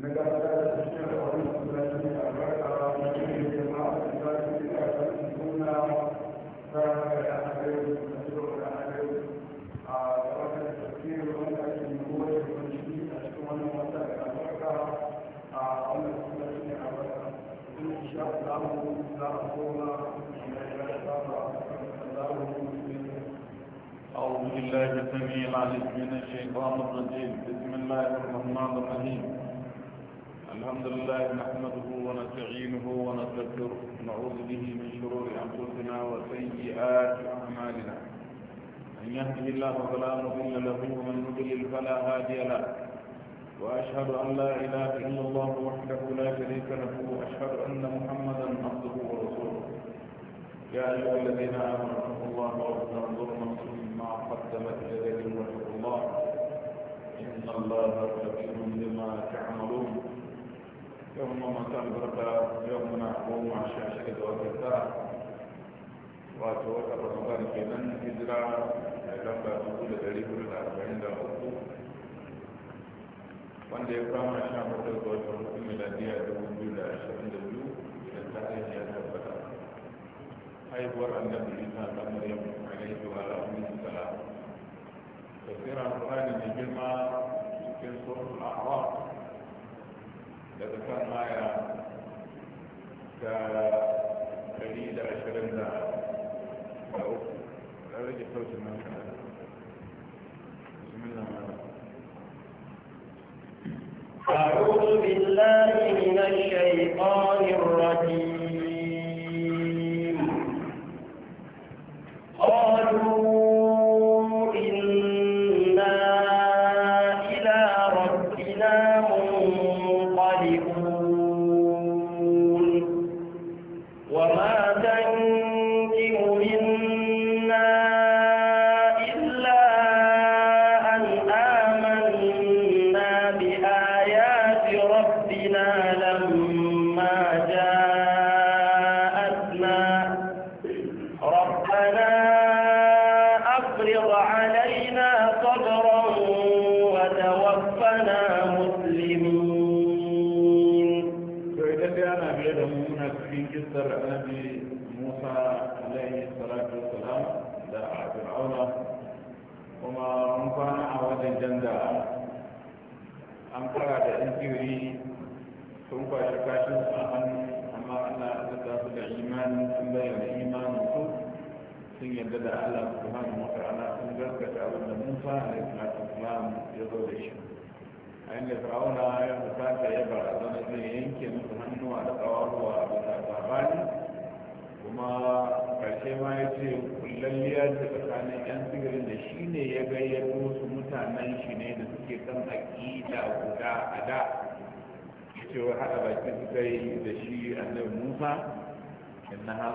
أعوذ بالله السميع العليم من الشيطان الرجيم بسم الله الرحمن الرحيم الحمد لله نحمده ونستعينه ونستغفره ونعوذ به من شرور انفسنا وسيئات اعمالنا من يهده الله فلا مضل له ومن يضلل فلا هادي له واشهد ان لا اله الا الله وحده لا شريك له واشهد ان محمدا عبده ورسوله يا ايها الذين امنوا اتقوا الله ولتنظر نفس ما قدمت لديكم واتقوا الله ان الله خبير بما تعملون yau kuma masu albarka yau muna goma sha shida da wata tara wato wata ramadan kenan hijira da lamba dubu da dari hudu da arba'in da uku wanda ya kama sha bakwai ga watan hudu miladiya dubu biyu da ashirin da biyu idan ta aiki ya tabbata haihuwar annabi isa ta maryam alaihi wa alihi salam tafsirin qur'ani mai girma cikin suratul a'raf تذكر معي كجديد عشرين لا لا رجل أعوذ بالله من الشيطان الرجيم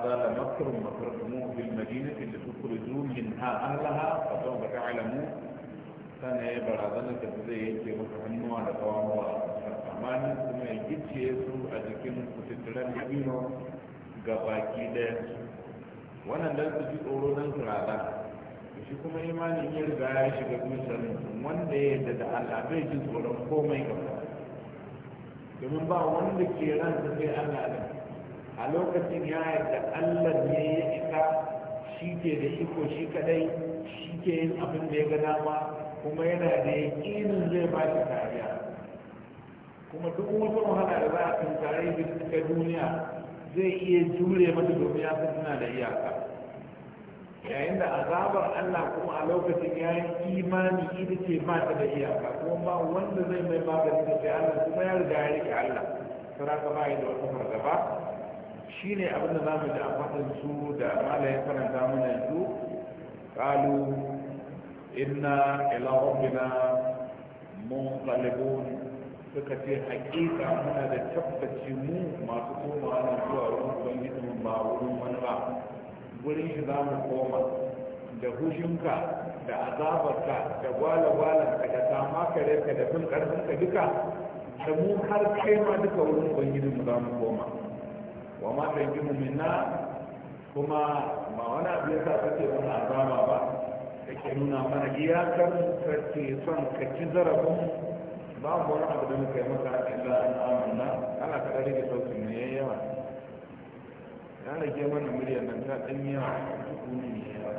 هذا لمكر مكرتموه في المدينة لتخرجوا منها أهلها فسوف تعلمون كان يبرزنا تبذيه في مكرموا على قواموا أماني ثم يجد يسوع أجكم كتتلان يبينه gabaki ɗaya wannan dan su ji tsoro don su rada kuma imanin ya riga ya shiga dusar wanda ya yarda da Allah bai ji tsoron komai gaba domin ba wanda ke ransa sai Allah da a lokacin ya da allah ne ya isa shi ke da iko shi kadai shi ke yin abin da ya ga dama kuma yana da kinin zai ba shi kariya kuma duk wata wahala da za a tunkare shi ta duniya zai iya jure mata domin ya fi suna da iyaka yayin da azabar allah kuma a lokacin ya yi imani ita ce ba ta da iyaka kuma ba wanda zai mai magani da sai allah kuma ya riga ya rike allah saraka ba da wata fargaba shi ne abinda za mu ji a faɗin su da mala ya karanta mana yanzu Kalu, inna ila rabbina munqalibun suka ce haƙiƙa muna da tabbaci mu masu koma na zuwa wurin mu ba wurin wani ba wurin shi za mu koma da hushinka da azabarka da gwala da sama kare ka da fin ƙarfinka duka da mu har kai ma duka wurin ubangijin mu za mu koma wa ma tankimu minna kuma ba wani abu ya sa kake wani azaba ba kake nuna mana iyakar kake son ka ci zarafin mu wani abu da muka yi maka illa an amanna ana kada rage sautin ne yayi yawa ya rage mana muryar nan ta danya tukuni ne yawa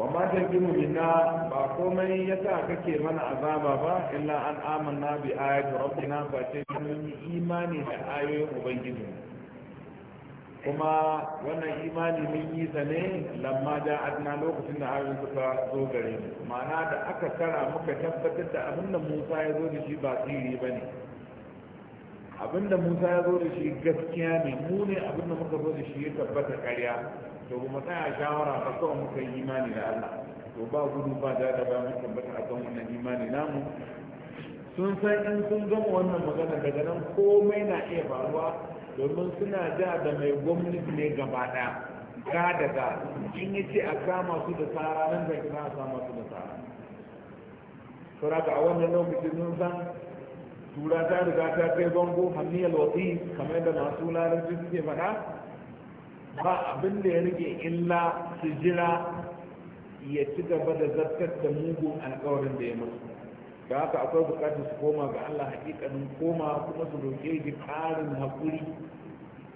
wa ma tankimu minna ba komai ya sa kake mana azaba ba illa an amanna bi ayati rabbina fa sai mun imani da ayoyin ubangijinmu kuma wannan imani mun yi sa ne lamma da adna lokacin da harin suka zo gare mu ma'ana da aka kara muka tabbatar da abin da musa ya zo da shi ba tsiri ba ne abin da musa ya zo da shi gaskiya ne mu ne abin da muka zo da shi ya tabbata karya to kuma tsaya shawara ba kawai muka yi imani da allah to ba gudu ba da da ba mu tabbata a kan wannan imani namu sun san in sun gama wannan magana daga nan komai na iya faruwa domin suna ja da mai gwamnati ne gaba ɗaya ga da in yi ce a kama su da tsara nan da kina a kama su da tsara sura ga wannan lokacin nun san tura ta riga ta kai bango ya wasi kamar da masu su suke faɗa ba abin da ya rage illa su jira ya ci gaba da zartar da mugun alkawarin da ya mutu da haka akwai bukatar su koma ga Allah hakikanin koma kuma su roƙe shi ƙarin haƙuri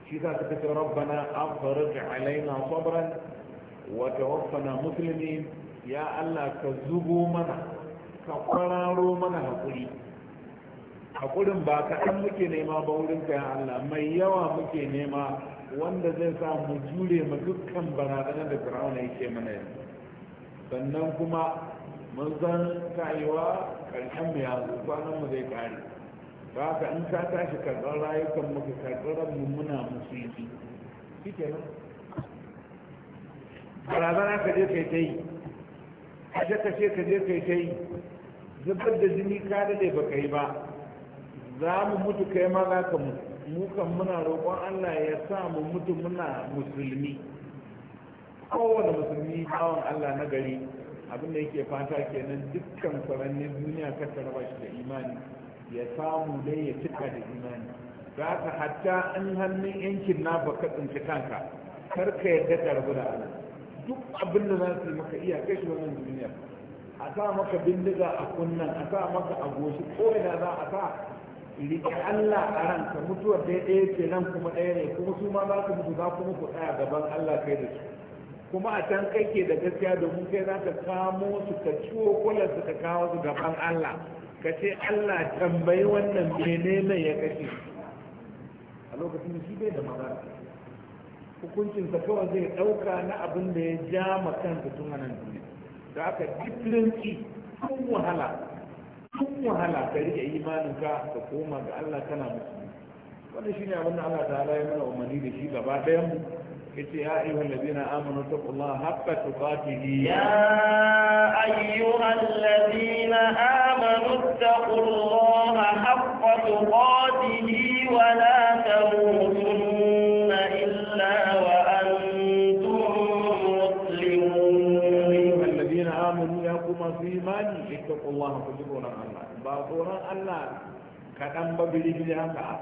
shi za su kace rabbana afrig alaina sabran wa tawaffana muslimin ya Allah ka zubo mana ka kwararo mana haƙuri haƙurin ba kaɗan muke nema ba wurin ka Allah mai yawa muke nema wanda zai sa mu jure ma dukkan barazanar da Fir'auna yake mana yanzu sannan kuma mun san cewa karshen mu ya zo kwanan mu zai kare ba haka in ka tashi karɓar rayukan mu ka karɓar mu muna musu yi shi nan barazana ka je kai ta yi kashe kashe ka je kai ta yi zubar da jini ka daɗe ba ka yi ba za mu mutu kai ma za ka mutu mu kan muna roƙon Allah ya sa mu mutu muna musulmi kowane musulmi bawan Allah na gari abin da yake fata kenan dukkan farannin duniya kar ta raba shi da imani ya samu dai ya cika da imani za ka hatta an hannun yankin na baka tsinci kanka kar ka yarda da Allah duk abin da za su yi maka iya kai shi wannan duniya a sa maka bindiga a kunnan a sa maka a goshi ko da za a sa riƙe Allah a ranka mutuwar daidai ɗaya ce nan kuma ɗaya ne kuma su ma za su mutu za ku muku ɗaya gaban Allah kai da su kuma a can kai ke da gaskiya domin kai za ka kamo su ka ciwo kulan su ka kawo su gaban Allah ka ce Allah tambayi wannan mene mai ya kashe a lokacin shi bai da magana hukuncinsa kawai zai ɗauka na abin da ya ja ma kansa tun nan duniya da aka dikrinci tun wahala tun wahala ka rike imaninka ka koma ga Allah kana musulmi wannan shine abin da Allah ta halaye mana umarni da shi gaba ɗayan mu قلت يا أيها الذين آمنوا اتقوا الله حق تقاته يا أيها الذين آمنوا اتقوا الله حق تقاته ولا تموتن إلا وأنتم مسلمون يا أيها الذين آمنوا يا قوم في إيماني اتقوا الله فجبرنا الله باطورا الله كتنبغي لجلها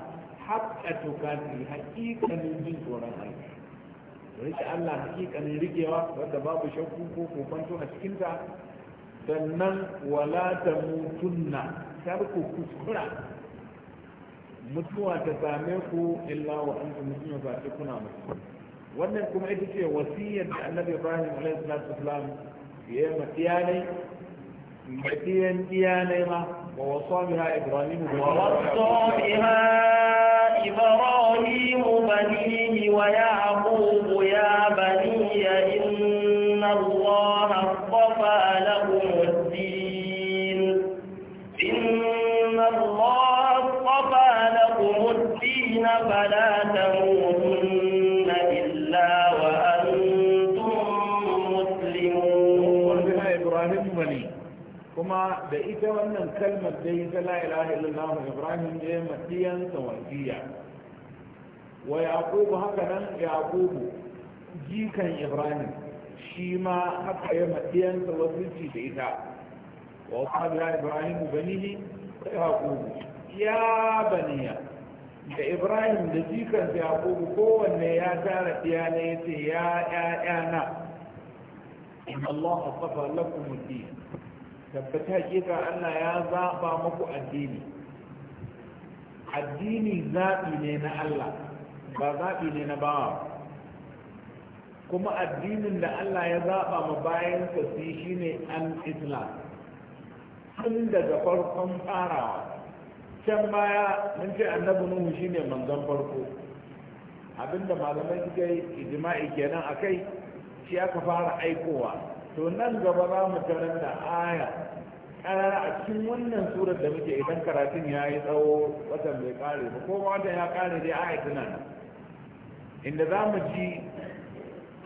حق تقاته حقيقة من جنس ورحمة rike Allah hakikanin rikewa wanda babu shakku ko kofanto a cikinta sannan wala ta mutunna kar ku kuskura mutuwa ta same ku illa wa an ku ba ce kuna mutu wannan kuma ita ce wasiyar da annabi ibrahim alaihi salatu wasalam ya yi matiyalai matiyan iyalai ma wa wasa biha ibrahim wa wasa biha ibrahim banihi wa ya kuma da ita wannan kalmar dai ta la ilaha illallah ibrahim ne matiyan tawasiya wa yaqub haka nan yaqub jikan ibrahim shi ma haka ya matiyan tawasiyci da ita wa qala ibrahim banihi wa yaqub ya baniya da ibrahim da jikan yaqub kowanne ya tara diya ne yace ya ya ya na in allah astafa lakum ad-din tabbata hakika Allah ya zaba muku addini addini zaɓi ne na Allah ba zaɓi ne na bawa kuma addinin da Allah ya zaɓa ma bayan su ne al-islam tun daga farkon farawa can baya mun ce annabi nuhu shine manzon farko abinda malamai suka yi ijma'i kenan kai, shi aka fara aikowa to nan gaba za mu karanta aya ƙarar a cikin wannan surar da muke idan karatun ya yi tsawo watan bai kare ba ko watan ya kare dai aya tana nan inda za mu ji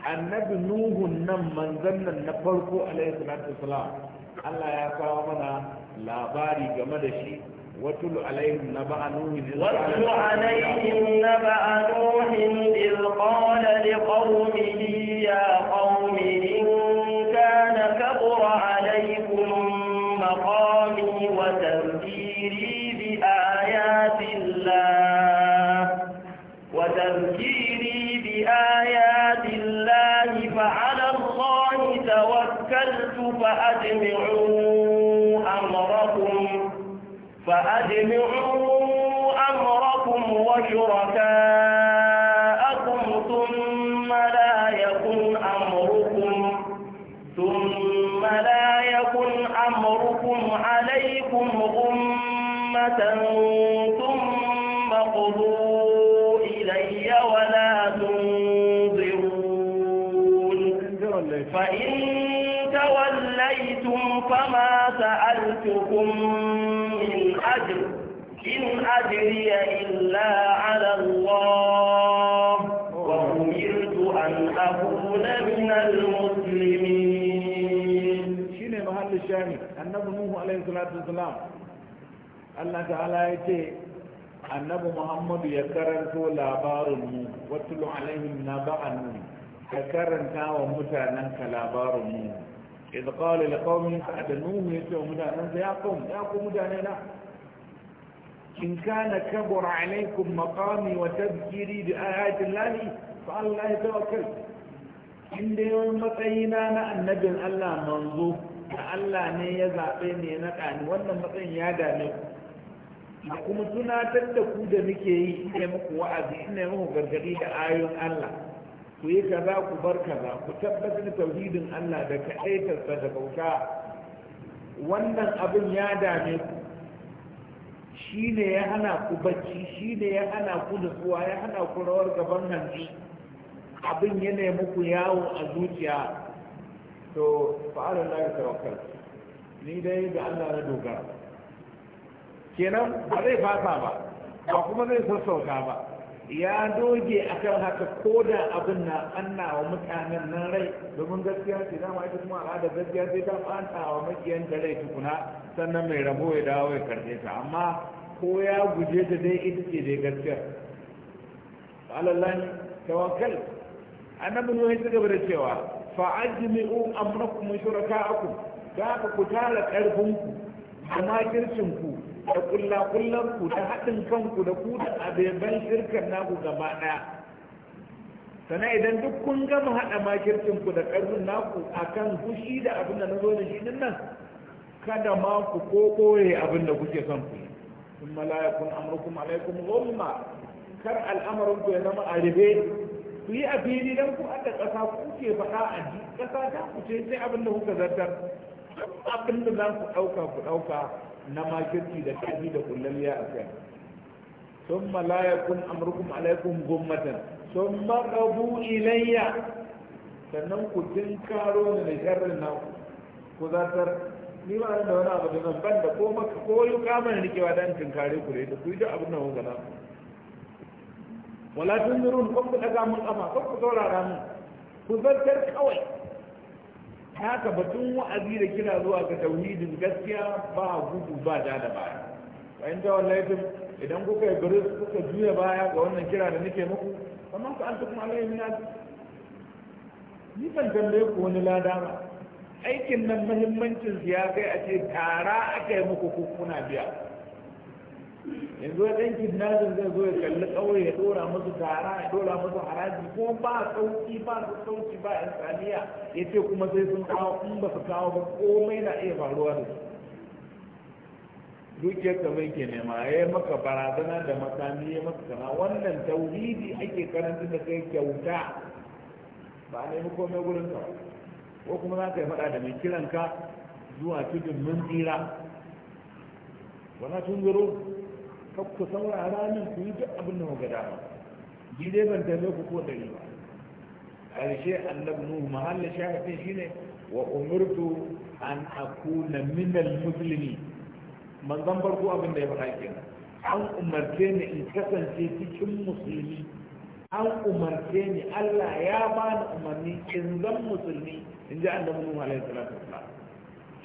annabi nuhun nan manzon nan na farko alaihi salatu wasalam Allah ya kawo mana labari game da shi واتل عليهم نبأ نوح واتل عليهم نبأ نوح إذ قال لقومه يا قوم وتذكيري بآيات الله وتذكيري بآيات الله فعلى الله توكلت فأجمعوا أمركم فأجمعوا أمركم وشركاء أجري إلا على الله وأمرت أن أكون من المسلمين شنو محل الشاهد النبي نوح عليه الصلاة والسلام Allah ta'ala ya ce annabi Muhammadu ya karanto labarin mu watulu alaihim na ba'an ka karanta wa mutanen ka labarin mu idh qala liqaumin adnuhu yace mutanen sa ya qawm ya ku mutane na إن كان كبر عليكم مقامي وتذكيري بآيات الله فالله توكل إن يوم مطينا النبي na annabin Allah manzo, Allah ne ya zaɓe ne na ƙani wannan matsayin ya dame ku A kuma tunatar da ku da muke yi ina muku wa'azi ina muku gargaɗi da ayoyin Allah ku yi kaza ku bar kaza ku tabbatar da tauhidin Allah da kaɗaitarsa da bauta wannan abin ya dame ku shi ne ya hana ku bacci shi ne ya hana ku nutsuwa ya hana ku rawar gaban hannu abin nemi muku yawo a zuciya to na yi tawakar ni dai da Allah na dogara kenan ba zai fasa ba ba kuma zai sassauta ba ya doge akan haka ko da abin na anna wa mutanen nan rai domin gaskiya ce dama ita kuma al'ada gaskiya sai ta fanta wa makiyan da rai tukuna sannan mai rabo ya dawo ya karɓe ta amma ko ya guje ta dai ita ce dai gaskiya alallahi tawakkal annabi nuhu ya gaba da cewa fa ajmi'u amrakum shuraka'akum da ka ku tara karfin ku da makircin ku da kulla kullan ku da haɗin kanku da ku da abeban shirkan naku gaba ɗaya sana idan duk kun gama haɗa makircin ku da ƙarfin naku akan fushi da abin da na zo da shi nan kada ma ku ko koye abin da kuke son ku sun malayakun amurkum alaikum zulma kar al'amarin ku ya zama a ribe ku yi a fili dan ku adda ƙasa kuke faɗa a ji ƙasa ta ku ce sai abin da kuka zartar abin da za ku ɗauka ku ɗauka na makirci da kaji da kullum ya a kai ثم لا amurkun alaikun gummatan sun ثم قضوا إلي sannan ku karo ni da sharrin na ku zartar ni ba da wani abu da zan ban da ko maka ko yi kamar ni kewa dan kare ku da ku yi da abin nan gana wala tun nurun ko ku daga mun kama, ko ku saurara mun ku zartar kawai haka batun wa'azi da kira zuwa ga tauhidin gaskiya ba gudu ba da da baya bayan ta wallahi idan kuka yi biris kuka juya baya ga wannan kira da nake muku amma ku an tukun alayhi min ni ban tambaye ku wani lada ba aikin nan muhimmancin ya kai a ce tara aka yi muku kuna biya yanzu ya ɗan kidnapping zai zo ya kalli ƙauye ya ɗora musu tara ya ɗora musu haraji ko ba sauki ba su sauki ba insaniya ya ce kuma sai sun kawo in ba su kawo ba komai na iya faruwa da su dukiyar ka mai ke nema ya yi maka barazana da makami ya maka kama wannan tauhidi ake karanta da kai kyauta ba ne mu komai gurin ka ko kuma za ka yi faɗa da mai kiran ka zuwa cikin mun tsira tun zuru kar ku saurara min ku yi duk abin da ga dama ni dai ban dame ku ko dari ba karshe annabi nuhu mahalla shahadin shine wa umurtu an akuna min al-muslimin manzon farko abin da ya faɗa kenan an umarce ni in kasance cikin musulmi an umarce ni Allah ya bani umarni in zan musulmi in ji annabi nuhu alaihi salatu wasalam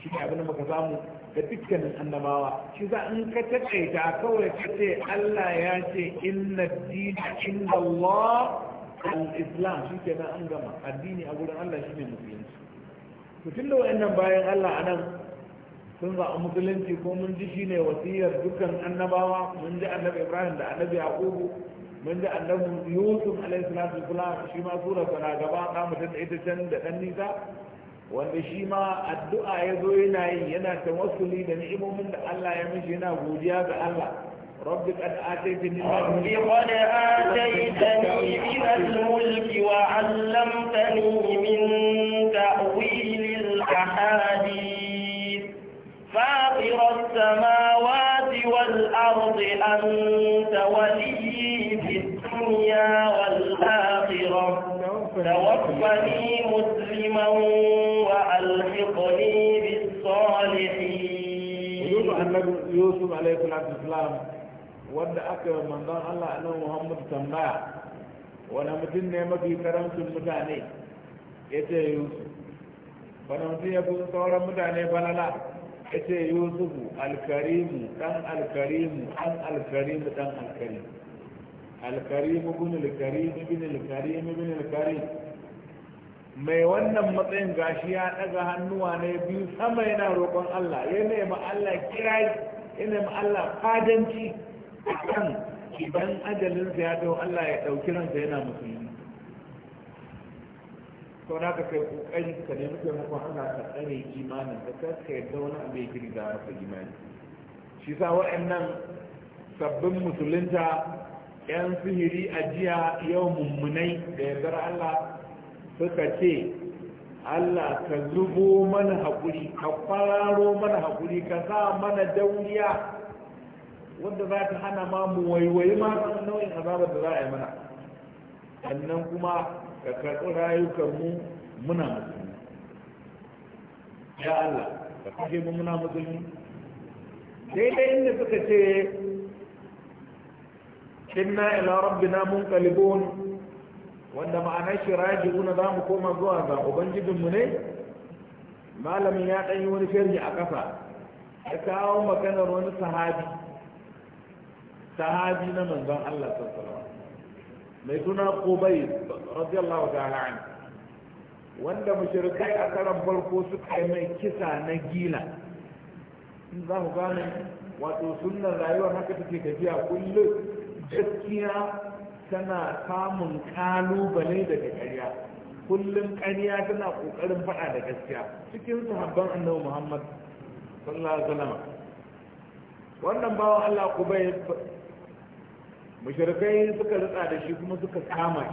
shi ne abin da muka samu da dukkanin annabawa shi za in ka taƙaita kawai ka ce Allah ya ce inna dina inda Allah al-islam shi ke nan an gama addini a gurin Allah shi ne musulunci to tun da wayannan bayan Allah a nan sun a musulunci ko mun ji shi ne wasiyar dukkan annabawa mun ji annabi Ibrahim da annabi Yaqubu mun ji annabi Yusuf alaihi salatu wasalam shi ma sura sana gaba ta mutum ita can da ɗan nisa wanda shi ma addu'a ya zo yana yi yana ta wasuli da ni'imomin da Allah ya mishi yana godiya ga Allah rabbi qad ataytani rabbi qad ataytani min al-mulk wa 'allamtani min ta'wil al-ahadith فاطر السماوات والأرض أنت ولي في الدنيا والآخرة توفني مسلما وألحقني بالصالحين يوسف عليه الصلاة والسلام wanda aka yi manzon Allah a nan Muhammad tambaya wani mutum ne mafi karamcin mutane ya ce Yusuf wani mutum ya fi sauran mutane banana ya ce yusuf alkarimu dan alkarimu an alkarimu dan alkarimu alkarimu bin alkarimu bin alkarimu bin alkarimu mai wannan matsayin gashi ya daga hannuwa ne biyu sama yana roƙon Allah ya nema Allah kirai ya nema Allah fadanci kan idan ajalin ya dawo Allah ya ɗauki ransa yana musulmi sau na ka kai ƙoƙari ka nemi taimakon Allah ka tsare imanin ka kar ka yadda wani abu ya girga masa imani shi sa wa'annan sabbin musulunta 'yan sihiri ajiya, yau mummunai da yardar Allah suka ce Allah ka zubo mana haƙuri ka fararo mana haƙuri ka sa mana dauriya wanda za ta hana ma mu waiwai ma nau'in azabar da za a yi mana sannan kuma ka karɓi mu, muna musulmi ya Allah ka kashe mu muna musulmi daidai inda suka ce inna ila rabbina munqalibun wanda ma'ana shi raji'una za mu koma zuwa ga ubangijinmu ne malamin ya yi wani firji a ƙasa ya kawo maganar wani sahabi sahabi na manzon Allah sallallahu mai suna Qubay radiyallahu ta'ala an wanda mushrikai a karan farko suka yi mai kisa na gila in za ku gane wato sunnar rayuwar haka take tafiya kullum gaskiya tana samun kalubale daga ƙarya kullum ƙarya tana ƙoƙarin faɗa da gaskiya cikin sahabban annabi muhammad sallallahu alaihi wasallam wannan bawan allah kubai mushrikai suka ritsa da shi kuma suka kama shi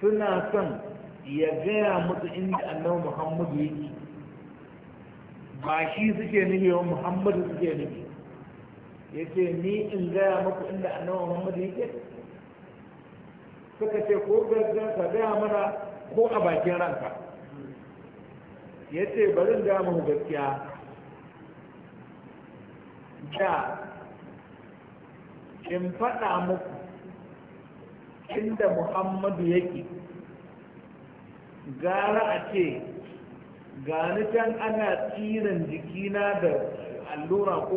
suna son ya gaya musu inda annabi muhammadu yake ba shi suke nufi wa muhammadu suke nufi ya ni in gaya muku inda annabi muhammadu yake suka ce ko gaggan ka gaya mana ko a bakin ranka ya ce bari in gaya muku gaskiya da in faɗa muku inda muhammadu yake gara a ce gani can ana tsirin jikina da allura ko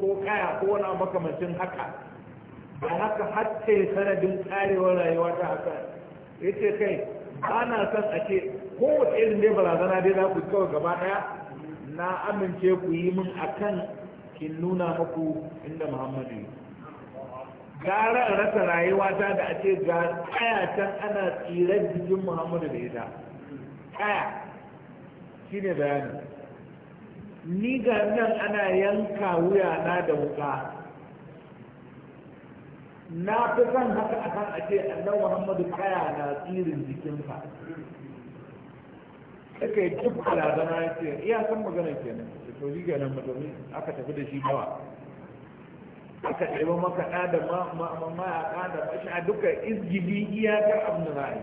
ko kaya ko wani makamancin haka da haka hatta sanadin karewa rayuwa ta haka yace kai ba na son a ce kowace irin dai barazana dai za ku kawai gaba daya na amince ku yi min akan kin nuna muku inda muhammadu gara a rasa rayuwa ta da a ce ga kaya can ana tsirar jikin muhammadu da ita kaya shine bayani ni ga nan ana yanka wuya na da wuka na fi son haka a kan ake annan muhammadu kaya na tsirin jikinsa aka yi duk alazana ya ce iya san magana kenan da shi ga nan mutum aka tafi da shi bawa aka ɗaiba maka ɗa da ma'aƙa da a duka izgili iyakar abin ra'ayi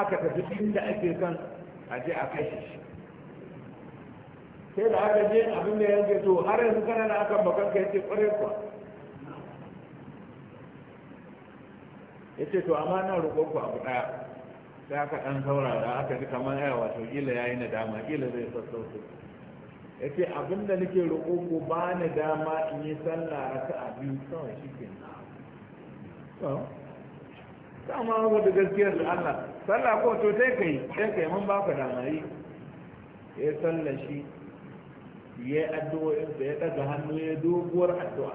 aka tafi inda ake kan aje a kashe shi sai da aka je abin da yanke to har yanzu kana na akan bakan ka yace kware kuwa yace to amma na roƙon ku abu daya sai aka dan saurara aka ji kamar aya wato kila yayi na dama kila zai Ya yace abin da nake roƙo ku ba ni dama in yi sallah raka'a abin kawai shikenan ta ma ba da gaskiyar da Allah sallah ko to sai kai sai kai mun baka dama yi ya sallah shi ya yi addu'o'insa ya ɗaga hannu ya doguwar addu'a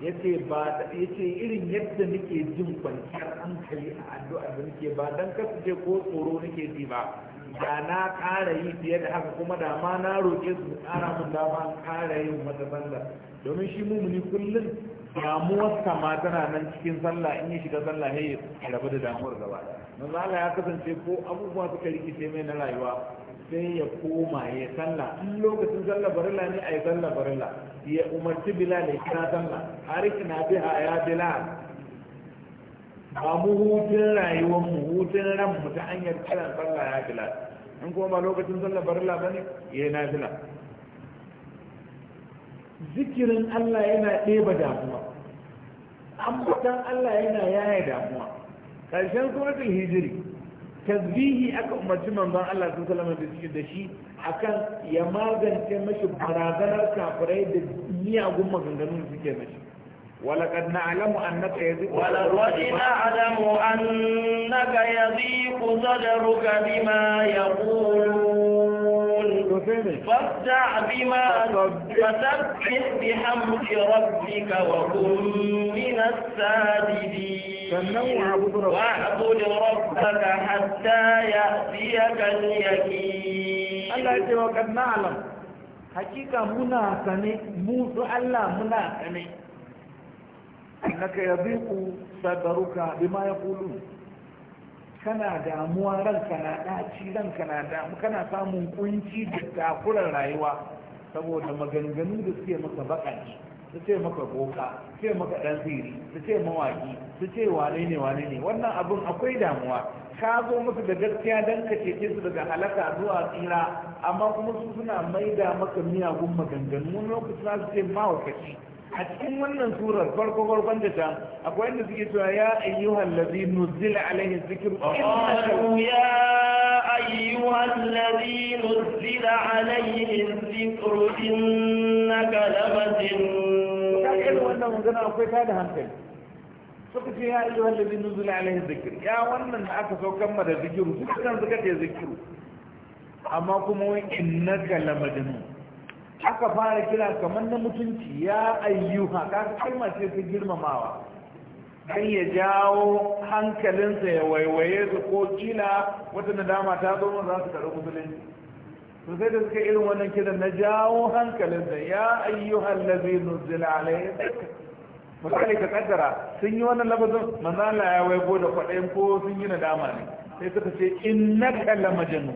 ya ce irin yadda nake jin kwanciyar hankali a addu'ar da nake ba don kasance ko tsoro nake ji ba da na ƙara yi fiye da haka kuma da ma na roƙe su ƙara mun an ƙara yin wata sallar domin shi mumuni kullum damuwar sama tana nan cikin sallah in ya shiga sallah ya rabu da damuwar gaba manzo Allah ya kasance ko abubuwa suka rikice mai na rayuwa sai ya koma ya sallah in lokacin sallah barilla ne a yi sallah barilla ya umarci bilal ya kira sallah harik na biha ya bilal ba mu hutun rayuwar mu hutun ran mu ta hanyar kira sallah ya bilal in kuma ba lokacin sallah barilla bane ya yi nafila zikirin Allah yana ɗeba damuwa ambatan Allah yana yaya damuwa ƙarshen suratul hijiri tasbihi aka umarci manzon Allah sun salama da shi da shi akan ya magance mashi barazanar kafirai da miyagun maganganun suke mashi ولقد نعلم أنك يضيق ولقد نعلم أنك يضيق صدرك بما يقولون فاصدع بما فسبح بحمد ربك وكن من الساجدين واعبد ربك حتى يأتيك اليقين الله يقول وقد نعلم حقيقة منا سنة موت الله منا سنة أنك يضيق صدرك بما يقولون kana damuwa ranka na ɗaci ranka na damu kana samun kunci da rayuwa saboda maganganu da suke maka baƙaƙi su ce maka boka su ce maka dan siri su ce mawaki su ce wane ne wane ne wannan abin akwai damuwa ka zo musu da gaskiya dan ka cece su daga halaka zuwa tsira amma kuma su suna maida maka miyagun maganganu Wani lokacin za su ce mawakaci a cikin wannan surar farko farkon da ta akwai inda suke cewa ya ayyuhal ladhi nuzila alaihi dhikr qalu ya ayyuhal ladhi nuzila alaihi dhikr innaka lamajnun irin wannan magana akwai tada hankali suka ce ya ayyuhal ladhi nuzila alaihi dhikr ya wannan da aka saukan ma da zikiru suka kan suka zikiru amma kuma wai innaka lamadun aka fara kira kamar na mutunci ya ayyuha ka kalma ce ta girmamawa dan ya jawo hankalinsa ya waiwaye su ko kila wata nadama ta zo mun za su karɓi musulunci to sai da suka irin wannan kiran na jawo hankalin da ya ayyuhal ladhi nuzila alayhi misali ka kaddara sun yi wannan lafazin manzo Allah ya waigo da kwadayin ko sun yi nadama ne sai suka ce innaka la majnun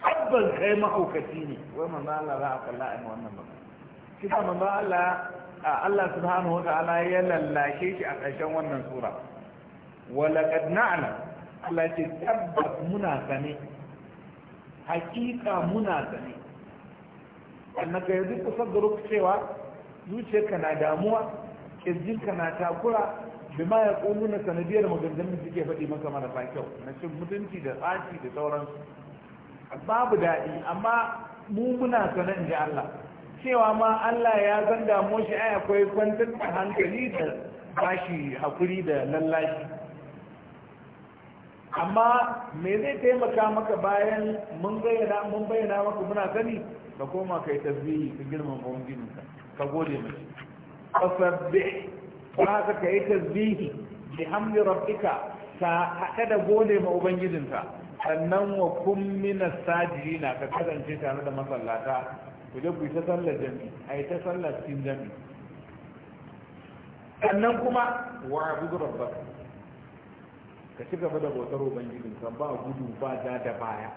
tabbas kai mahaukaci ne wai manzo Allah za a kalla a wannan ba shi ka manzo Allah Allah subhanahu wa ta'ala ya lallashe shi a ƙarshen wannan sura wa laqad na'lam Allah ce tabbas muna sane hakika muna sani ga yanzu kusan da cewa zuciyarka na damuwa kirjinka na takura bi ma ya ƙunu na sanadiyar maganganun suke faɗi maka marasa kyau na cin mutunci da tsaci da sauransu babu daɗi amma mu muna sanan ji Allah cewa ma Allah ya zan damuwa shi ai akwai kwantar hankali da bashi hakuri da lallashi amma me zai taimaka maka bayan mun bayyana mun bayyana maka muna gani ka koma kai tasbihi ka girman ubangijin ka ka gode mai fasabbih ba ka kai tasbihi bi hamdi rabbika ka hada da gode ma ubangijin ka sannan wa kun mina sajidina ka kasance tare da masallata ku je ku ta sallar jami'i ai ta sallar cikin jami'i sannan kuma wa rabbaka ka ci gaba da bautar ubangijin ka ba gudu ba da da baya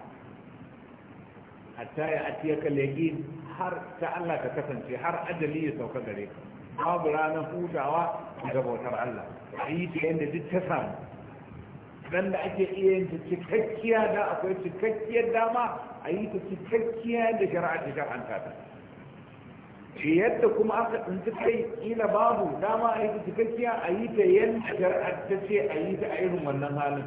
hatta ya atiya ka lege har ta Allah ka kasance har ajali ya sauka gare ka babu ranar hutawa ga bautar Allah a yi ta yadda duk ta samu dan da ake iya yin cikakkiya da akwai cikakkiyar dama a yi ta cikakkiya da shari'a ta shar'anta ta yadda kuma aka tsinci kai kila babu dama a yi ta cikakkiya a yi ta yadda jar'ar ta ce a yi ta a irin wannan halin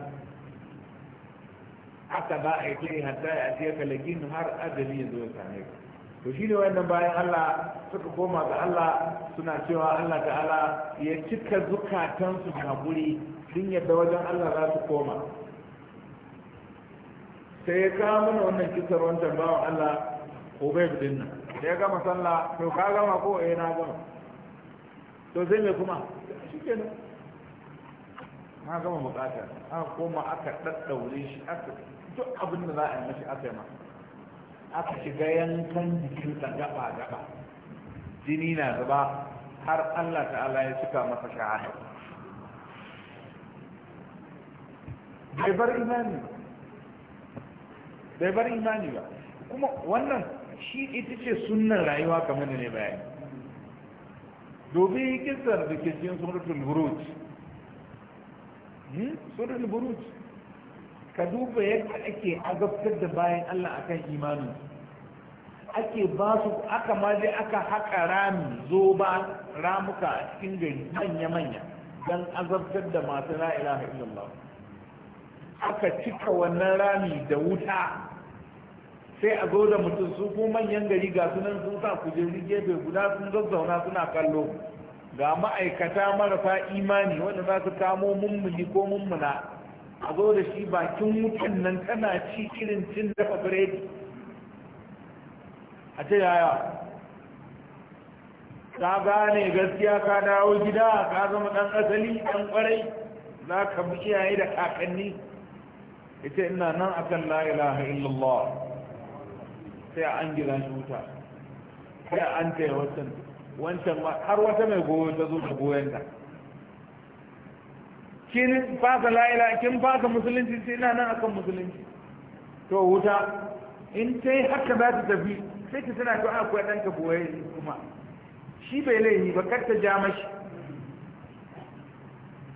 aka ba a yi ta yi hatta ya ce ka lagin har adali ya zo ya same ka to ne wannan bayan Allah suka koma ga Allah suna cewa Allah ta'ala ya cika zukatansu da haƙuri sun yadda wajen Allah za su koma sai ya kawo mana wannan kisar wancan bawan Allah Ubayd din nan da ya gama sallah to ka gama ko eh na gama to zai mai kuma shi kenan na gama bukata a koma aka daddaure shi aka duk abin da za a yi mashi aka yi ma aka shiga yankan jikin da gaba gaba jini na zuba har Allah ta'ala ya cika masa shahada bai bar imani bai bar imani ba kuma wannan shi ita ce sunan rayuwa kamar da ne bayan domin kisar da ke cikin suratul buruj hmm? suratul buruj ka duba yadda ake agabtar da bayan Allah akan imanu ake ba su aka ma dai aka haƙa rami zo ba ramuka a cikin gari manya-manya don azabtar da masu la ilaha illallah aka cika wannan rami da wuta sai a zo da mutum su ko manyan gari ga sunan sun sa kujeru gefe guda sun zazzauna suna kallo ga ma'aikata marasa imani wanda za su kamo mummuni ko mummuna a zo da shi bakin wutan nan tana ci irin cin dafa biredi a ce yaya ka gane gaskiya ka dawo gida ka zama dan asali dan kwarai za ka bi iyaye da kakanni ita ina nan akan la ilaha illallah sai an gina shi wuta sai an taya wancan wancan har wata mai goyo ta zo ta goyon ta kin fasa la'ila kin fasa musulunci sai na nan akan musulunci to wuta in ta yi haka za ta tafi sai ta tana don akwai ɗan ka boye kuma shi bai laifi ba kar ta ja mashi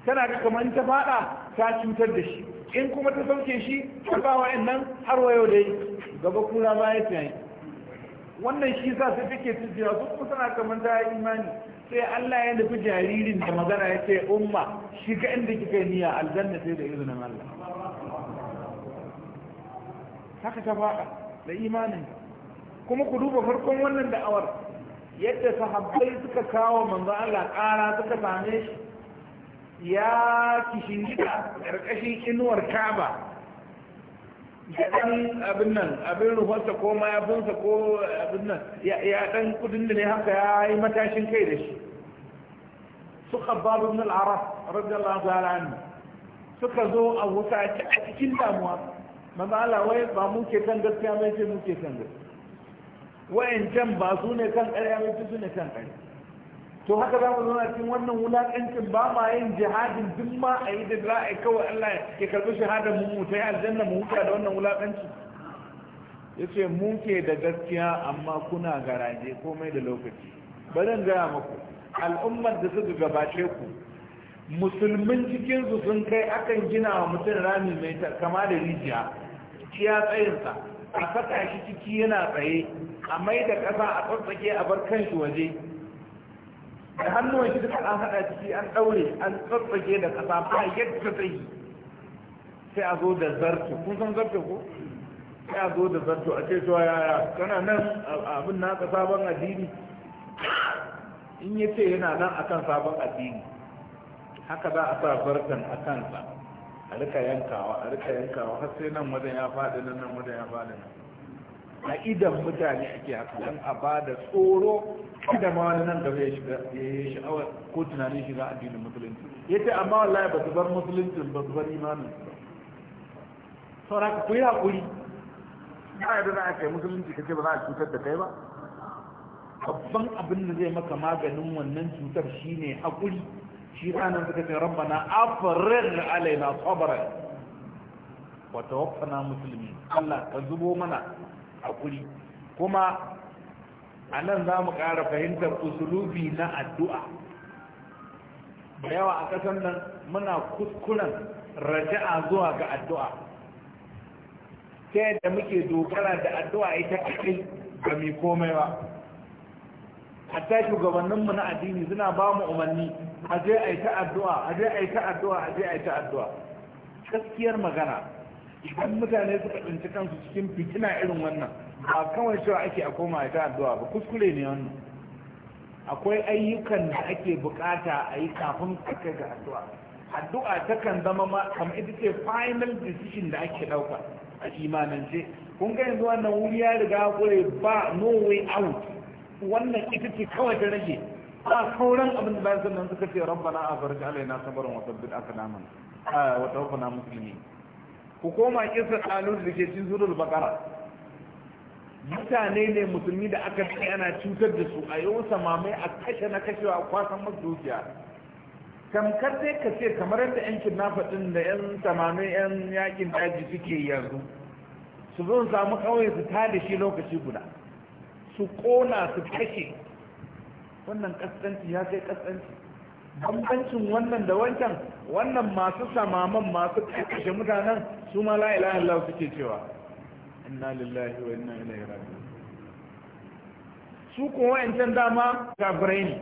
tana ga kamar ta faɗa ta cutar da shi in kuma ta sauke shi ta ba nan har wayo yi. gaba kura ya tayi wannan shi sa su take tijjiya su kuma suna kamar ta imani sai Allah ya nufi jaririn da magana ya ce umma shiga inda kika niyya aljanna sai da izinin Allah haka ta faɗa da imanin kuma ku duba farkon wannan da'awar yadda sahabbai suka kawo manzo Allah ƙara suka same shi ya kishin gida ƙarƙashin inuwar Ka'aba dan abin nan abin rufarsa ko mayafinsa ko abin nan ya dan kudin da ne haka ya yi matashin kai da shi Suka babu ibn al-arab radiyallahu ta'ala anhu suka zo a wuta a cikin damuwa manzo Allah wai ba mu ke kan gaskiya mai ce mu ke kan gaskiya wayan can ba su ne kan ƙarya mai su ne kan ƙarya to haka za mu zauna cikin wannan wulaƙancin ba ma yin jihadin duk ma a yi da za a yi kawai Allah ya karɓi shahada mu ta yi aljanna mu huta da wannan wulaƙanci ya ce mu ke da gaskiya amma kuna garaje komai da lokaci ba zan gaya muku al'ummar da suka gabace ku musulmin cikinsu sun kai akan gina wa mutum rami mai kama da rijiya iya tsayinsa a saka shi ciki yana tsaye a mai da ƙasa a tsattsake a bar kanshi waje da hannuwan shi duka an haɗa ciki an ɗaure an tsotsage da ƙasa ba yadda zai yi sai a zo da zarto kun san zarto ko sai a zo da zarto a ce cewa yaya kana nan abin na ka sabon addini in ya ce yana nan akan sabon addini haka za a sa zartan a kansa a rika yankawa a rika yankawa har sai nan wajen ya faɗi nan nan wajen ya faɗi nan a idan mutane ake haka don a ba da tsoro da ma wani nan gaba ya shiga ya yi sha'awar ko tunanin shiga addinin musulunci ya ce amma wallahi ba su bar ba su bar imanin ba sauraka ku yi haƙuri ba yadda za a kai musulunci ka ce ba za a cutar da kai ba babban abin da zai maka maganin wannan cutar shine haƙuri shi ranar suka ce rabbana afrir alaina sabra wa tawaffana muslimin Allah ka zubo mana hakuri kuma a nan za mu ƙara fahimtar usulubi na addu'a da yawa a ƙasar nan muna kuskuren raja'a zuwa ga addu'a ta yadda muke dogara da addu'a ita kaɗai ga mai komai ba A hatta shugabanninmu na addini suna ba mu umarni a je a yi ta addu'a a je a yi ta addu'a a je a yi ta addu'a gaskiyar magana idan mutane suka tsinci kansu cikin fitina irin wannan ba kawai cewa ake a koma ta addu'a ba kuskure ne wannan akwai ayyukan da ake bukata a yi kafin a kai ga addu'a addu'a takan zama ma kamar ita ce final decision da ake dauka a imanance kun ga yanzu wannan wuri ya riga kure ba no way out wannan ita ce kawai ta rage ba sauran abin da bayan sannan suka ce rabbana a farji alaina sabarin wata bid'a kalaman a ah, wata hukunan musulmi ku koma kisar alun da ke cin surul bakara mutane ne musulmi da aka fi ana cutar da su a yau samamai a kashe na kashewa a kwasan masu kamkar sai ka ce kamar yadda yan kidnafa din da yan samamai yan yakin daji suke yanzu su zo samu kawai su da shi lokaci guda su kona su kashe wannan kasanci ya kai kasanci bambancin wannan da wancan wannan masu samaman masu kashe mutanen su ma la ilaha illallah suke cewa inna lillahi wa inna ilaihi raji'un su kuma wancan dama kafirai ne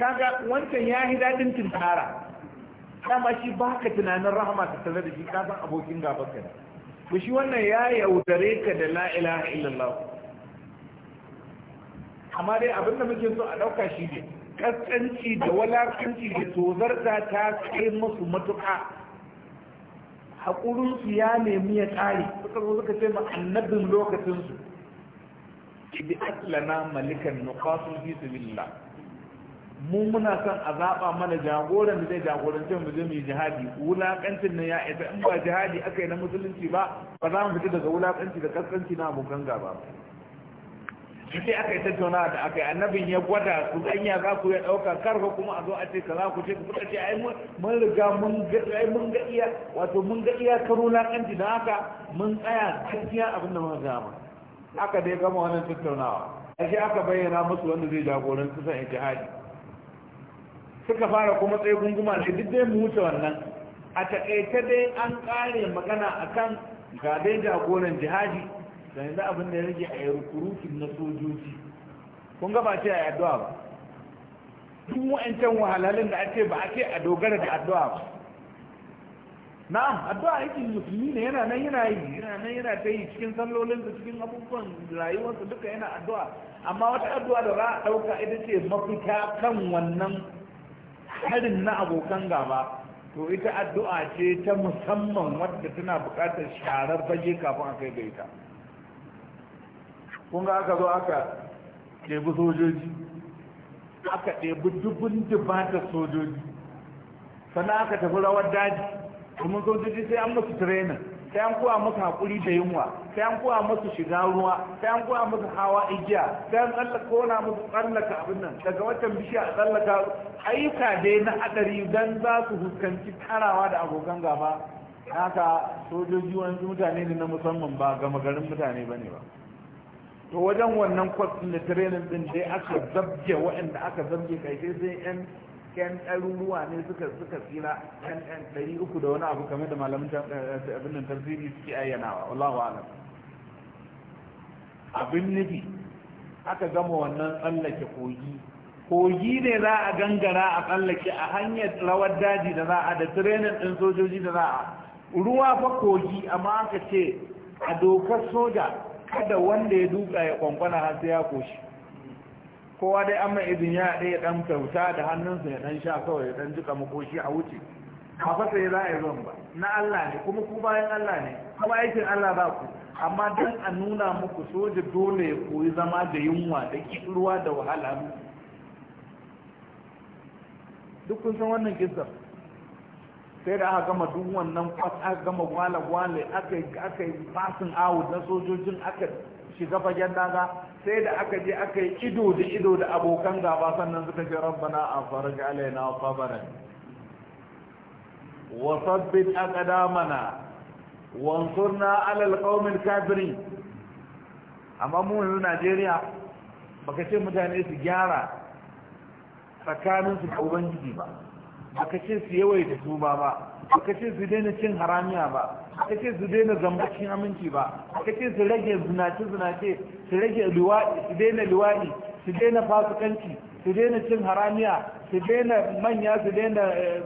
kaga wancan ya yi daɗin tuntara dama shi ba ka tunanin rahama ta tare da shi ka san abokin gaban ne to shi wannan ya yaudare ka da la ilaha illallah amma dai abinda muke so a ɗauka shi ne kaskanci da walakanci da da ta kai musu matuƙa haƙurinsu ya nemi ya tsari suka zo suka ce annabin lokacinsu ibi na malikan nuqatul fi sabilillah mu muna son a zaɓa mana jagoran da zai jagorance mu je mu jihadi wulaƙancin nan ya isa in ba jihadi aka yi na musulunci ba ba za mu fita daga wulakanci da kaskanci na abokan gaba ba sai aka yi tattauna da aka yi annabin ya gwada ku danya za ku ya ɗauka karfa kuma a zo a ce za ku ce ku kuka ce ai mun riga mun ga ai mun ga iya wato mun ga iya karo na kanji dan haka mun tsaya cikin abin da mun gama aka dai gama wannan tattaunawa shi aka bayyana musu wanda zai su san ijtihadi suka fara kuma tsaye gunguma da duk dai mu wuce wannan a taƙaice dai an ƙare magana akan ga dai jagoran jihadi da yanzu abin da ya rage a rukurutun na sojoji kun gaba ce a addu'a ba duk wa'ancan wahalalin da ake ba ake a dogara da addu'a ba na'am addu'a yake musulmi ne yana nan yana yi yana nan yana ta yi cikin sallolinsa cikin abubuwan rayuwarsa duka yana addu'a amma wata addu'a da za a ɗauka ita ce mafita kan wannan harin na abokan gaba to ita addu'a ce ta musamman wadda tana buƙatar sharar fage kafin a kai ga ita kun ga aka zo aka ɗebi sojoji aka ɗebi dubun dubata sojoji sannan aka tafi rawar daji domin sojoji sai an musu tirenin, sai an kuwa musu haƙuri da yunwa sai an kuwa musu shiga ruwa sai an kuwa musu hawa igiya sai an tsallaka kona musu tsallaka abin nan daga watan bishiya a tsallaka ayyuka dai na haɗari don za su fuskanci tarawa da abokan gaba haka sojoji wani mutane ne na musamman ba gama garin mutane ba ne ba to wajen wannan kwatsun da tirenin din dai aka zabge waɗanda aka zabge kai sai sai yan yan ɗaruruwa ne suka suka tsira yan yan ɗari uku da wani abu kamar da malamin eh, eh, abin nan tafsiri suke ayyanawa wallahu alam abin nufi aka gama wannan tsallake kogi kogi ne za a gangara a tsallake a hanyar rawar daji da za a da tirenin ɗin sojoji da za a ruwa fa kogi amma aka ce a dokar soja kada wanda ya duka ya kwankwana har sai ya koshi kowa dai amma izin ya ɗaya ya ɗan kyauta da hannunsa ya ɗan sha kawai ya ɗan jika makoshi a wuce a fasa ya za a yi zon ba na Allah ne kuma ku bayan Allah ne kuma aikin Allah ba ku amma don a nuna muku soja dole ya koyi zama da yunwa da kiɗruwa da wahala duk kun san wannan kisar sai da aka gama duk wannan kwas aka gama gwale-gwale aka yi fasin awu na sojojin aka shiga fagen daga sai da aka je aka yi ido da ido da abokan gaba sannan suka ce rabbana a farji alaina sabaran wa sabbit aqdamana wansurna alal qaumil kafirin amma mu yanzu Najeriya baka ce mutane su gyara tsakaninsu da ubangiji ba baka ce su yawai da tuba ba baka ce su daina cin haramiya ba baka ce su daina zambacin aminci ba baka ce su rage zinace zinace su rage luwaɗi su daina luwaɗi su daina fasikanci su daina cin haramiya su daina manya su daina eh,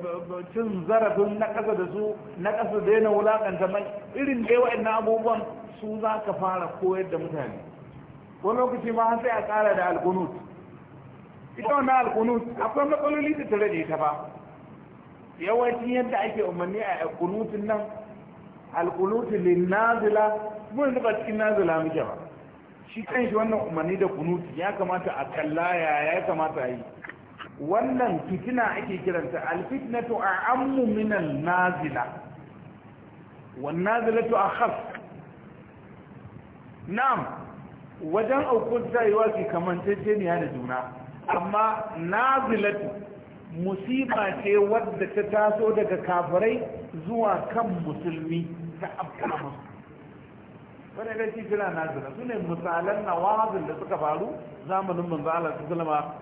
cin zarafin na ƙasa da su na ƙasa su daina wulaƙanta mai irin dai na abubuwan su za ka fara koyar da mutane wani lokaci ma sai a ƙara da alkunut ita wannan alkunut akwai matsaloli da tare da ita ba Yawancin yadda ake umarni a alkunutun nan alkunutun linnazila mun da ba cikin nazila muke ba shi kan shi wannan umarni da kunuti ya kamata a kalla ya ya kamata yi wannan fitina ake kiranta alfitnatu a ammu minan nazila wan nazilatu a khas na'am wajen aukun tsayewa ke kamantacce ne da juna amma nazilatu musiba ce wadda ta taso daga kafirai zuwa kan musulmi ta afkana musu wani ga shi jira na zira su ne misalan na wahazin da suka faru zamanin manzo Allah su zulma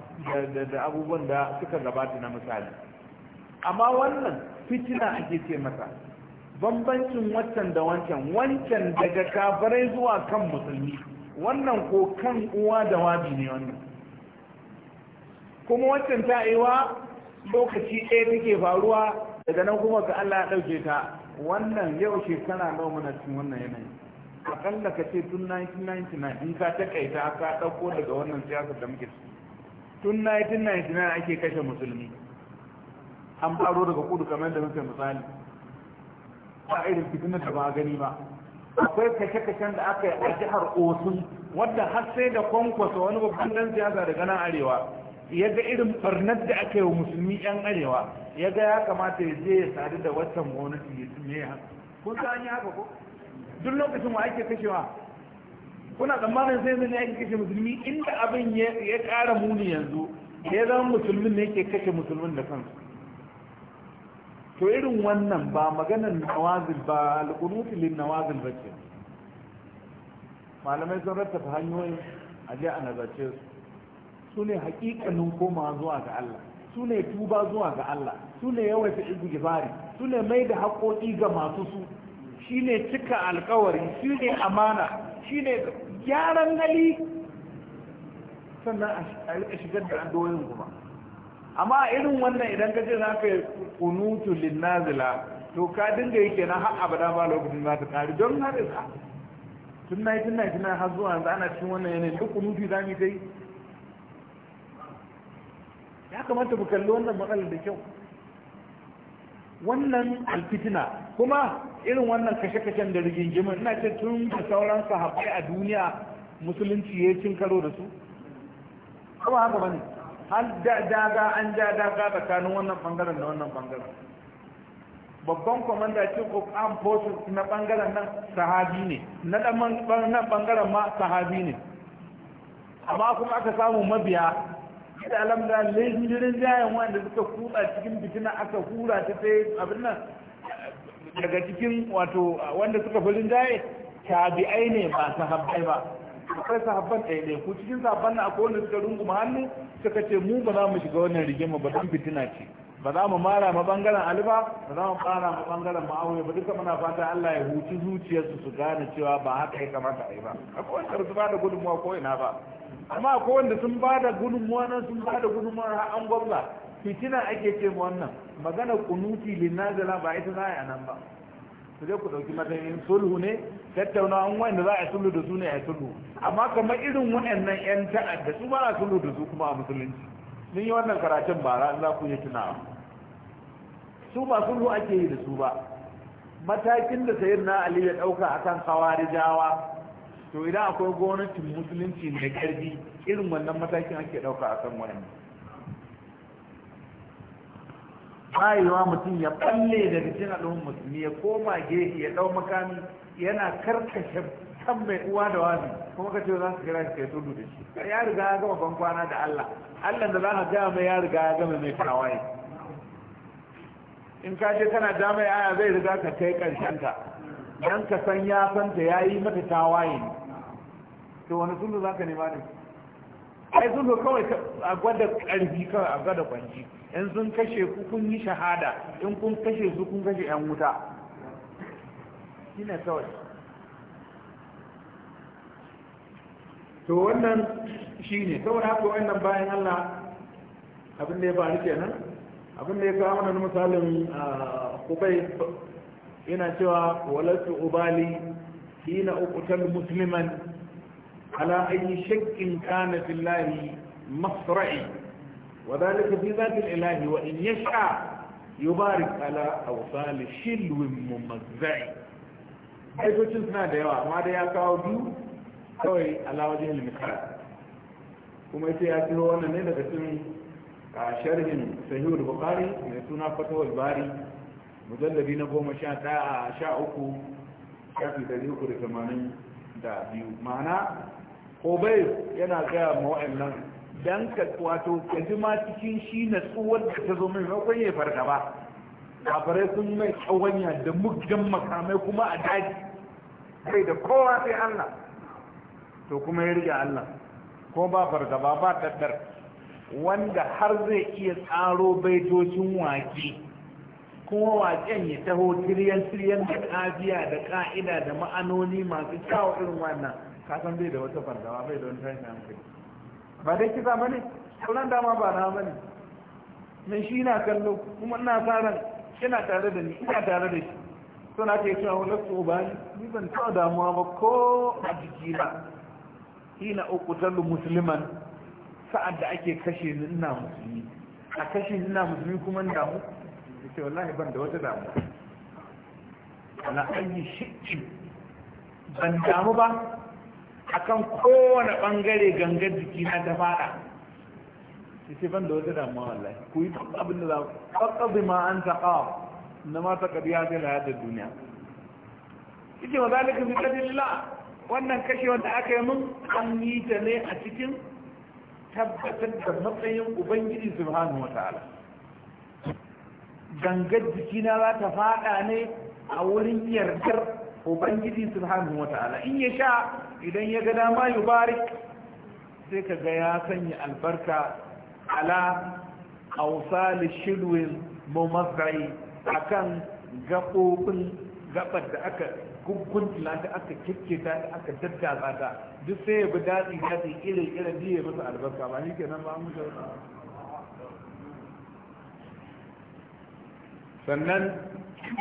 da abubuwan da suka gabata na misali amma wannan fitina ake ce mata bambancin wancan da wancan wancan daga kafirai zuwa kan musulmi wannan ko kan uwa da wabi ne wannan kuma wancan ta lokaci ɗaya take faruwa daga nan kuma ga Allah ya ɗauke ta wannan yau shekara nawa muna cikin wannan yanayi akalla ka ce tun 1999 in ka takaita ka ɗauko daga wannan siyasar da muke ciki tun 1999 ake kashe musulmi an faro daga kudu kamar da muke misali ba irin fitina da ba gani ba akwai kashe-kashen da aka yi a jihar osun wadda har sai da kwankwasa wani babban dan siyasa daga nan arewa ya ga irin barnar da aka yi wa musulmi yan arewa ya ga ya kamata ya je ya sadu da watan gwamnati ya tume ya kun sa an yi haka ko duk lokacin wa ake kashewa kuna tsammanin sai zai ne ake kashe musulmi inda abin ya ƙara muni yanzu ya zama musulmin ne ke kashe musulmin da kansu to irin wannan ba maganar nawazil ba lin nawazil ba ce malamai sun rattafa hanyoyin a je a nazarce su su ne hakikanin komawa zuwa ga Allah su ne tuba zuwa ga Allah su ne yawaita izgibari su ne mai da haƙoƙi ga masu su shi ne cika alkawari shi ne amana shi ne gyaran gali sannan a shigar da addoyin kuma amma irin wannan idan ka ce za ka kunutu linnazila to ka dinga yake na har abada ba lokacin za ta kari don har isa tun 1999 har zuwa yanzu ana cikin wannan yanayin duk kunutu za mu yi ya kamata mu kalli wannan matsalar da kyau wannan alfitina kuma irin wannan kashe-kashen da rigingimin ina ce tun da sauran sahabbai a duniya musulunci ya cin karo da su kuma haka bane har daga an ja daga tsakanin wannan bangaren da wannan bangaren babban kwamanda ce ko an forces na bangaren nan sahabi ne na dan bangaren ma sahabi ne amma kuma aka samu mabiya da alamda laifin jayen wanda suka kutsa cikin fitina aka kura ta sai abin nan daga cikin wato wanda suka fi rinjaye tabi'ai ne ba sahabbai ba akwai sahabban ɗaya ne ku cikin sahabban na akwai wanda suka runguma hannu suka ce mu ba za mu shiga wannan rigima ba don fitina ce ba za mu mara ma bangaren ali ba ba za mu fara ma bangaren ma'aure ba duka muna fata Allah ya huci zuciyarsu su gane cewa ba haka ya kamata a yi ba akwai wanda su ba da gudunmuwa ko ina ba amma akwai wanda sun ba da gudunmuwa nan sun ba da gudunmuwa har an gwamna fitina ake ce wannan magana kunuti linnazala ba ita za a yi a nan ba su je ku ɗauki matsayin sulhu ne tattauna an wanda za a yi sulhu da su ne a yi sulhu amma kamar irin waɗannan 'yan ta'adda su ba a sulhu da su kuma a musulunci sun yi wannan karatun bara za ku yi tunawa su ba sulhu ake yi da su ba matakin da sayar na ali ya ɗauka akan jawa, to idan akwai gwamnatin musulunci mai ƙarfi irin wannan matakin ake ɗauka akan wani bayewa mutum ya balle daga cikin al'ummar musulmi ya koma gefe ya ɗau makami yana karkashe kan mai uwa da wani kuma ka ce za su kira ka tudu da shi ya riga ya gama bankwana da Allah Allah da za ka gaya mai ya riga ya gama mai kawai in ka je kana da mai aya zai riga ka kai karshen ta dan ka san ya san ta yayi mata tawaye ne to wani tudu za ka nema ne ai tudu kawai a gwada karfi kawai a gwada kwanci in sun kashe ku kun yi shahada in kun kashe su kun kashe yan wuta shine kawai to wannan shi ne saboda haka wannan bayan Allah abin da ya faru kenan abin da ya kawo wannan misalin kubai yana cewa walatu ubali hina ukutar musliman ala ayi shakkin kana lahi masra'i wa dalika fi dhati ilahi wa in yash'a yubarik ala awsal shilwin mumazzai aikocin suna da yawa amma da ya kawo biyu kawai alawajin limitar kuma ita ya turo wannan ne daga cikin sharhin sahihul bukhari mai suna fatawar bari mujallabi na goma sha ɗaya a sha uku shafi da uku da tamanin da biyu ma'ana ko bai yana gaya ma wa'annan dan ka wato ka ji ma cikin shi na tsuwar da ta zo min maimakon ya fargaba Kafare sun mai tsawon da muggan makamai kuma a daji kai da kowa sai allah to kuma ya rike Allah ko ba fargaba ba daddar wanda har zai iya tsaro baitocin waki kuma waken ya taho tiryan-tiryan da ƙafiya da ƙa'ida da ma'anoni masu kyawo irin wannan kasan bai da wata fargaba bai da wani tashin hankali ba dai kisa ba ne sauran dama ba na ba ne min shi na kallo kuma ina sa ran ina tare da ni ina tare da shi suna ke cewa wani tsoba ni ban taɓa damuwa ba ko a jikina hina uqtalu musliman sa'ad da ake kashe ni ina musulmi a kashe ni ina musulmi kuma na damu sai wallahi ban da wata damu ala ayi shi ban damu ba akan kowane bangare gangar jiki na ta fada sai ban da wata damu wallahi ku yi duk abin da za ku kakkabi ma an taƙa na ma taƙa biya zai na duniya ita ma zalika bi kadillah wannan kashewar da aka yi mun an yi ta ne a cikin tabbatar da matsayin ubangiji subhanahu wata'ala gangar jikina za ta fada ne a wurin yardar ubangiji subhanahu wata'ala in ya sha idan ya ga dama yubarik sai ka ga ya sanya albarka ala awsal shilwin mumazzai akan gaɓoɓin gaɓar da aka gunguntula ta aka kyakketa ta aka daddaza ta duk sai ya bi daɗi sai ire ire biyu ya musu albarka ba ni kenan ba mu sannan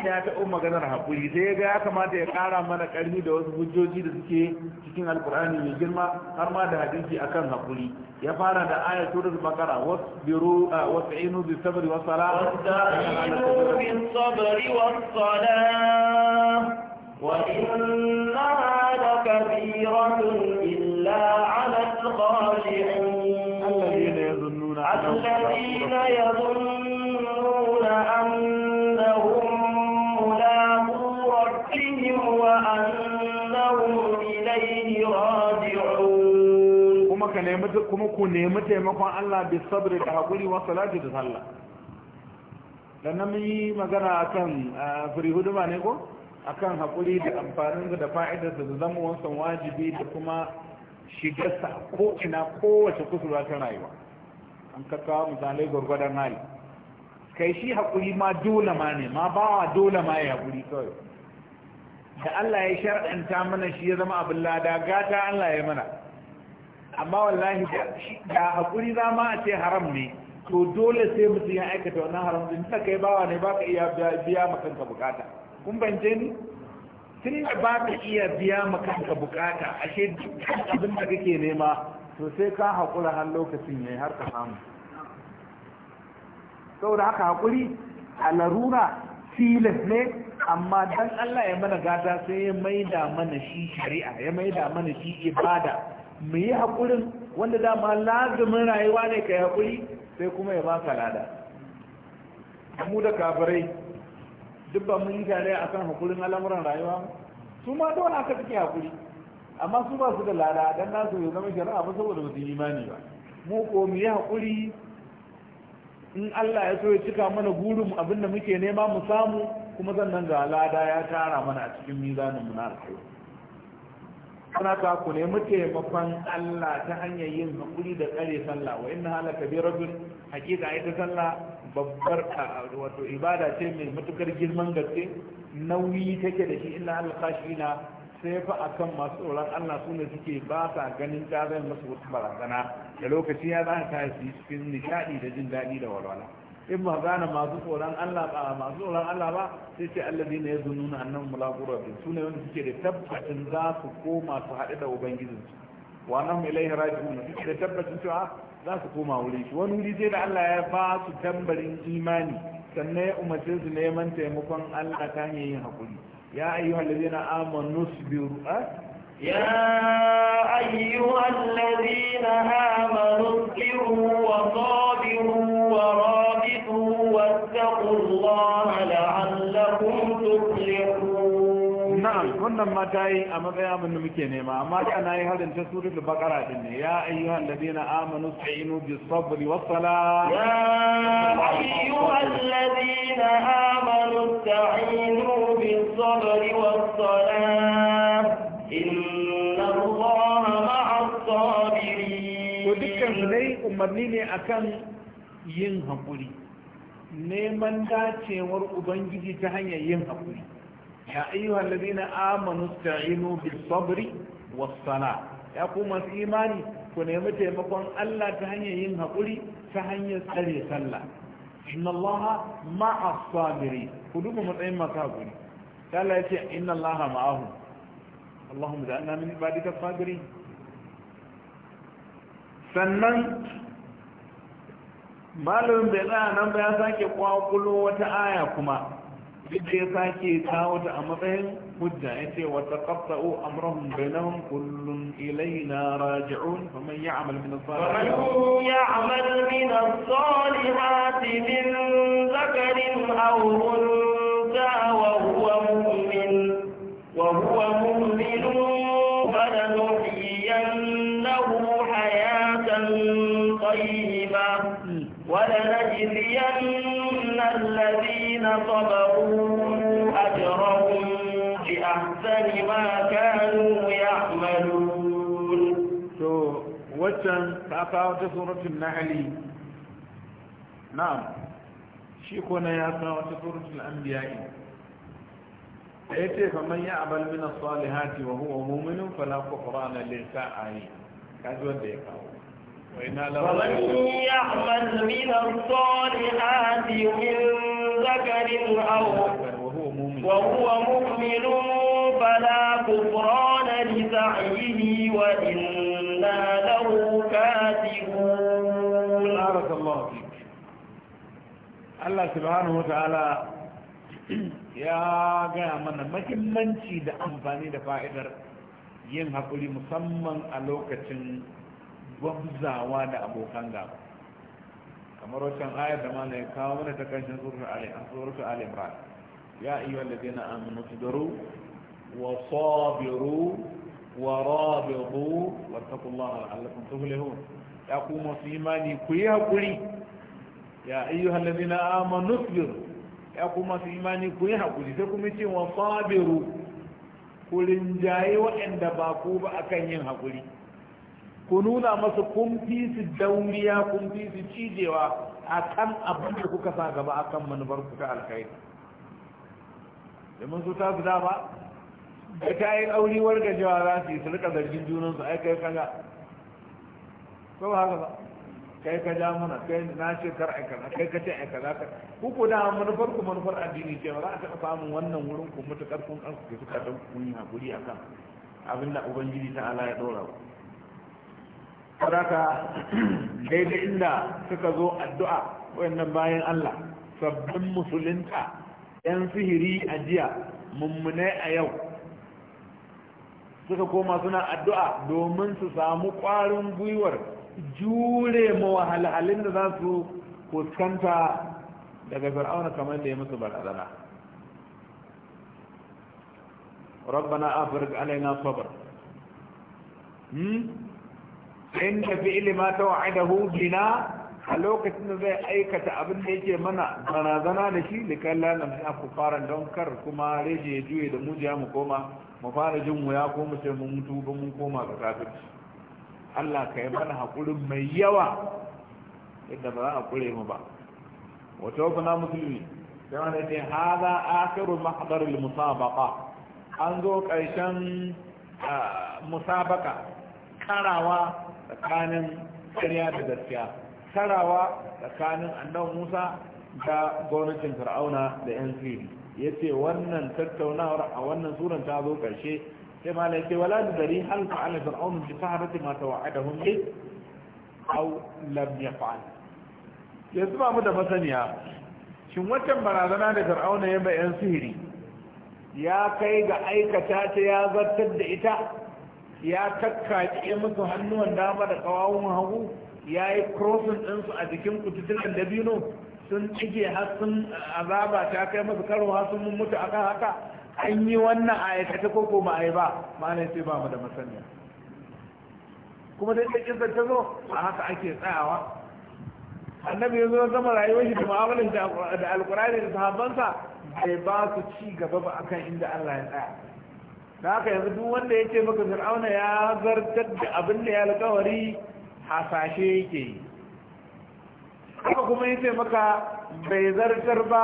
ya taɓo maganar haƙuri sai ya ga ya kamata ya kara mana ƙarfi da wasu hujjoji da suke cikin alkur'ani mai girma har ma da hadisi akan haƙuri ya fara da aya turar bakara wasbiru ah, wasta'inu bi sabri wasu sala sabri sala Wa illaha da Kabiru sun illa a gas a wajen a cikinmu wa'anda wujilaini ku nemi taimakon Allah bi sabrida haƙuri wa Salatu Tala. Da namiji magana akan firihu duban ne ko akan haƙuri da amfanin da fa'idarsa da zama wasan wajibi da kuma shigarsa ko ina kowace kusurwa ta rayuwa an kakawa misalai gwargwadon hali kai shi haƙuri ma dole ma ne ma bawa dole ma ya haƙuri kawai da Allah ya shar'anta mana shi ya zama abin lada gata Allah ya mana amma wallahi da haƙuri za ma a ce haram ne to dole sai mutum ya aikata wannan haram din ta kai bawa ne ba ka iya biya makanka bukata kun bance ni tun da ba ka iya biya ma kanka bukata ashe dukkan abin da kake nema to sai ka haƙura har lokacin yayi har ka samu saboda haka haƙuri a larura tilas ne amma dan Allah ya mana gata sai ya maida mana shi shari'a ya maida mana shi ibada mu yi haƙurin wanda dama lazumin rayuwa ne ka yi haƙuri sai kuma ya ba ka lada mu da kafirai duk ba mun yi tare a kan hakurin al'amuran rayuwa su ma dole aka suke hakuri amma su ba su da lada dan nasu ya zama shari'a ba saboda ba su imani ba mu ko mu yi hakuri in Allah ya so ya cika mana gurin abin da muke nema mu samu kuma sannan ga lada ya tara mana a cikin mizanin mu na alkhairi ana ka ku nemi taimakon Allah ta hanyar yin hakuri da tsare sallah wa inna halaka bi rabbin hakika ita sallah babbar wato ibada ce mai matukar girman gaske nauyi take da shi ina na. sai fa akan masu tsoron Allah su ne suke ba sa ganin tazan masu wasu barazana da lokaci ya zaka ta shi cikin nishadi da jin daɗi da walwala in ba gane masu tsoron Allah ba masu tsoron Allah ba sai ce allazi ne ya zununa annan mulaqu rabbin su ne wanda suke da tabbacin za su koma su haɗu da ubangijinsu wa annahum ilayhi raji'un suke da tabbacin cewa za su koma wuri shi wani wuri sai da Allah ya ba su tambarin imani sannan ya umarce su neman taimakon Allah ta hanyar yin hakuri ya ayyuhal ladina amanu sabiru يا أيها الذين آمنوا اصبروا وصابروا ورابطوا واتقوا الله لعلكم تفلحون wannan ma ta yi a matsayin abin da muke nema amma ta na yi harin ta suratul baqara din ne ya ayyuhal ladina amanu ta'inu bi sabri wa sala ya ayyuhal ladina amanu ta'inu bi sabri wa sala inna allaha ma'as sabirin to dukkan dai umarni ne akan yin hakuri neman dacewar ubangiji ta hanyar yin hakuri ya ayyuhal ladina amanu ta'inu bis sabri was sala ya ku masu imani ku nemi taimakon Allah ta hanyar yin haƙuri ta hanyar tsare sallah inna Allah ma'a sabiri ku duba matsayin masu haƙuri ta ya ce inna Allah ma'ahu Allahumma ja'alna min ibadika sabiri sannan malamin bai tsaya nan ba ya sake kwakulo wata aya kuma duk da ya sake kawo ta a matsayin hujja ya ce wa taqatta'u amrahum bainahum kullun ilaina raji'un faman ya'mal min as-salihati faman ya'mal min as-salihati min dhakarin aw unsa wa huwa mu'min wa huwa mu'minun فلنحيينه حياة طيبة ولنجزين الذين صبروا ثلاثاً فأقاوت سورة النحل نعم شيكونا يا ثلاثة سورة الأنبياء أيتي فمن يعبل من الصالحات وهو مؤمن فلا فقران للساعة كذو ديكا ومن يعمل من الصالحات من ذكر أو وهو مؤمن فلا كفران لسعيه وإن Allah subhanahu wataala ya gaya mana mahimmanci da amfani da fa'idar yin haƙuri musamman a lokacin gwamzawa da abokan gaba kamar wancan ayar da mana ya kawo mana ta kanshin suratu al'imran ya iya wallafi na aminu tudaru wa sabiru wa rabiru wa takullahu al'allafin tuhulihun ya kuma su imani ku yi haƙuri ya ayyuhal ladina amanu sabir ya kuma su imani ku yi hakuri sai kuma ce wa sabiru ku rinjaye waɗanda ba ku ba akan yin hakuri ku nuna masu kun fi su dauriya kun fi su cijewa akan abin da kuka sa gaba akan manufar ku ta alkhairi domin su ta su dama da ta yi aure wargajewa za su yi su rika zargin junansu ai kai kaga ko ba haka ba kai ka ja mana kai na ce kar ai kaza kai ka ce ai kaza ka ku ku da manufar ku manufar addini ce ba za a taɓa samun wannan wurin ku mutukar kun kansu ke suka dan kun yi hakuri akan abin da ubangiji ta ala ya dora ku sadaka daidai inda suka zo addu'a wayannan bayan Allah sabbin musulunta yan sihiri a jiya mummunai a yau suka koma suna addu'a domin su samu ƙwarin gwiwar jure ma halhalin da za su fuskanta daga fir'auna kamar da ya musu barazana rabbana afirka alaina sabar hmm? da fi ilima ta wa'adahu bina a lokacin da zai aikata abin da yake mana barazana da shi likalla na mai aku fara don kar kuma rage ya juye da mujiya mu koma mu fara jin wuya ko mu ce mun mutu ba mun koma ga kafirci Allah ka yi mana haƙurin mai yawa yadda ba za a ƙure mu ba wata wasu na musulmi sai wanda ce haza akiru mahadarin musabaka an zo ƙarshen musabaka karawa tsakanin ƙarya da gaskiya karawa tsakanin annabi musa da gwamnatin fir'auna da yan sirri ya ce wannan tattaunawar a wannan suran ta zo ƙarshe sai malai ce wala da dari hal fa'ala fir'aun bi saharati ma tawa'adahum bi aw lam yaf'al yanzu ba mu da masaniya shin watan barazana da fir'aun ya ba yan sihiri ya kai ga aikata ta ya zartar da ita ya ƙe musu hannuwan dama da kawawun hagu ya yi crossing ɗinsu a jikin kututtukan dabino sun cike har sun azaba ta kai musu karo har sun mutu akan haka an yi wannan aikata ko ko ma'ai ba ma'ana sai ba mu da masaniya kuma dai da kinsa ta zo a haka ake tsayawa annabi ya zo zama rayuwar shi da ma'amalin da alkurani da sahabbansa bai ba su ci gaba ba akan inda Allah ya tsaya da haka yanzu duk wanda ya ce maka fir'auna ya zartar da abin da ya alkawari hasashe yake yi haka kuma ya ce maka bai zartar ba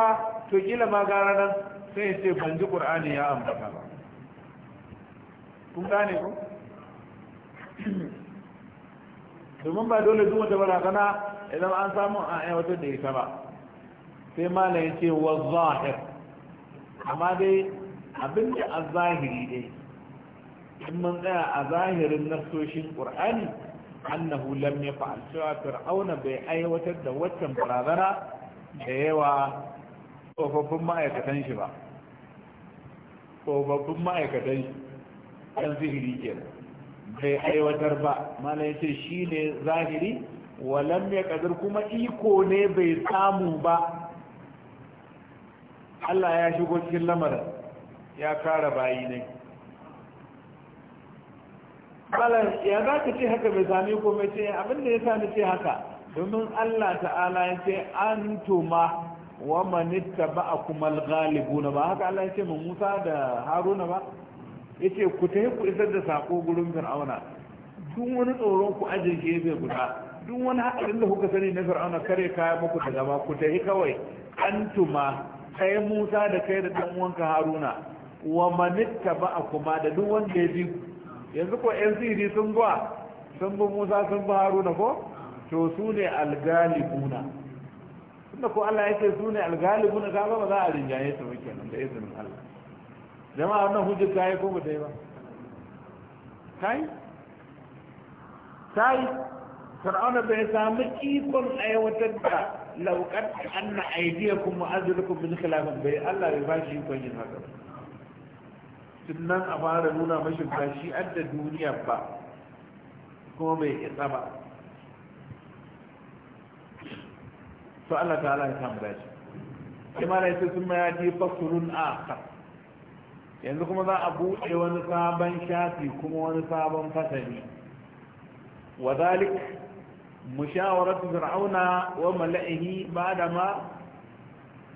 to kila ma gara nan sai ya ce ban ji ƙur'ani ya ambata ba kun gane ku domin ba dole duk wata barazana idan an samu a aiwatar da ita ba sai mala na ce wa zahir amma dai abin da a zahiri dai in mun tsaya a zahirin nasoshin ƙur'ani annahu lam fa'al cewa fir'auna bai aiwatar da waccan barazana da yawa tsofaffin ma'aikatan shi ba babban ma'aikatan shi zihiri ke bai aiwatar ba mana ya ce shi ne zahiri walam ya ƙadar kuma iko ne bai samu ba Allah ya shigo cikin lamarin ya kara bayi ne malar ya za ka ce haka bai sami ko mai ce da ya sami ce haka domin Allah ta'ala ya ce an tuma wa manitta ba'a kuma galibuna ba haka Allah yake mu Musa da Haruna ba yake ku tafi ku isar da sako gurin Fir'auna duk wani tsoron ku ajin zai guda duk wani haɗarin da kuka sani na Fir'auna kare kaya muku da gaba ku tafi kawai antuma kai Musa da kai da dan uwanka Haruna wa manitta ba'a da duk wanda ya bi yanzu ko yan sirri sun gwa sun bi Musa sun bi Haruna ko to su ne algalibuna tunda ko Allah ya ce su ne algalibu na gaba ba za a rinjaye su ba kenan da izinin Allah jama'a wannan hujjar ta yi ko ba ta yi ba ta yi ta yi fir'auna bai samu ikon aiwatar da laukar anna aidiya kuma azlukum min khilafin bai Allah bai ba shi ikon yin haka tun nan a fara nuna mashi ba shi adda duniya ba kuma bai isa ba to Allah ala ya samu dace kuma da yake sun ma ji fasurun kan yanzu kuma za a buɗe wani sabon shafi kuma wani sabon fasari wa mushawarar mushawaratu fir'auna wa mala'ihi da ma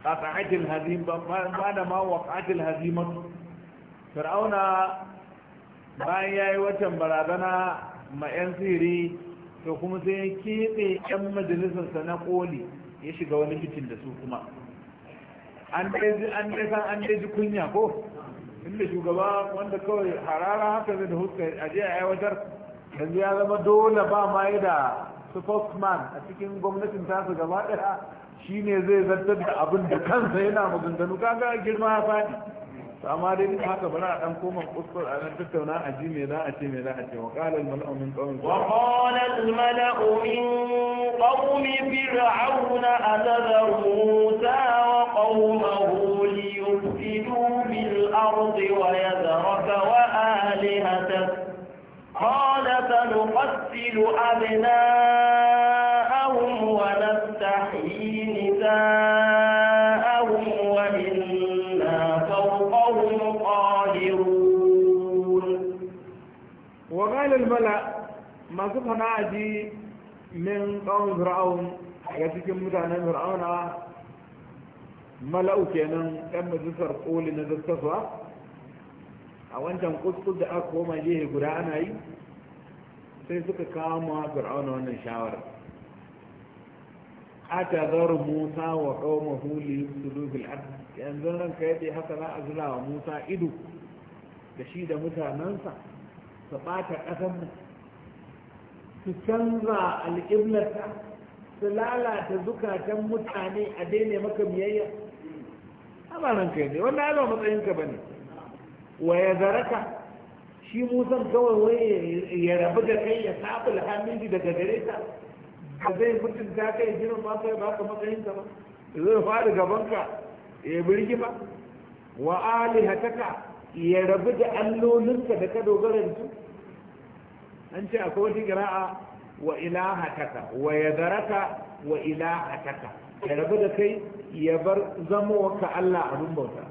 قطعت الهزيمة بعدما وقعت الهزيمة فرعون bayan ya yi watan barazana ma 'yan siri to kuma sai ya keɓe 'yan majalisarsa na ƙoli. ya shiga wani kicin da su kuma an ɗaya san an ɗaya ji kunya ko inda shugaba wanda kawai harara haka zai da huska a je a aiwatar yanzu ya zama dole ba ma yi da spokesman a cikin gwamnatin tasu gaba ɗaya shi zai zartar da abin da kansa yana maganganu kaga girma ya faɗi to amma dai duk haka bari a dan koma kuskur a nan tattauna a ji me za a ce me za a ce wa qala al mala'u min qawmi wa qala al mala'u min qawmi fir'auna adharu musa wa qawmahu liyufsidu bil ardi wa yadhraka wa alihatak qala sanuqattilu abna'ahum wa nastahyi nisa'ahum ƙalil masu fana min ƙawon fir'aun ga cikin mutanen fir'auna mala'u kenan ɗan majalisar ƙoli na zastafa a wancan kuskus da aka koma jihe guda ana yi sai suka kama fir'auna wannan shawarar ata zaru musa wa qaumahu li su dubil ard yanzu ran ka yi haka za a zula wa musa ido da shi da mutanensa. su ɓata ƙasarmu su canza alƙiblarta su lalata zukatan mutane a daina maka biyayya ba nan kai ne wannan ala matsayin ka bane wa ya zaraka shi musan kawai wai ya rabu da kai ya sabu alhamidi daga gare ta ba zai mutunta kai jiran ba kai ba ka matsayin ka ba zai fara gaban ka ya birgi ba wa alihataka ya rabu da allolinka da ka dogara da su an ce akwai wata kira'a wa ilahataka wa yadaraka wa ilahataka ya rabu da kai ya bar zamowarka Allah a bauta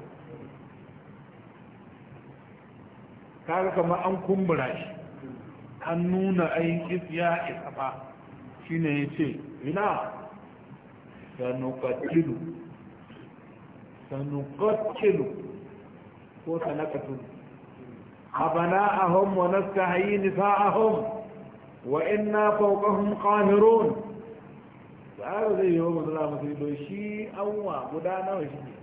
kaga kamar an kumbura shi an nuna ayin isya isafa shine ya ce ina sanukatilu sanukatilu ko a ahum wa nastahyi nisa'ahum wa inna fawqahum qahirun tsara zai yi wa mazala do shi awwa guda nawa shi ne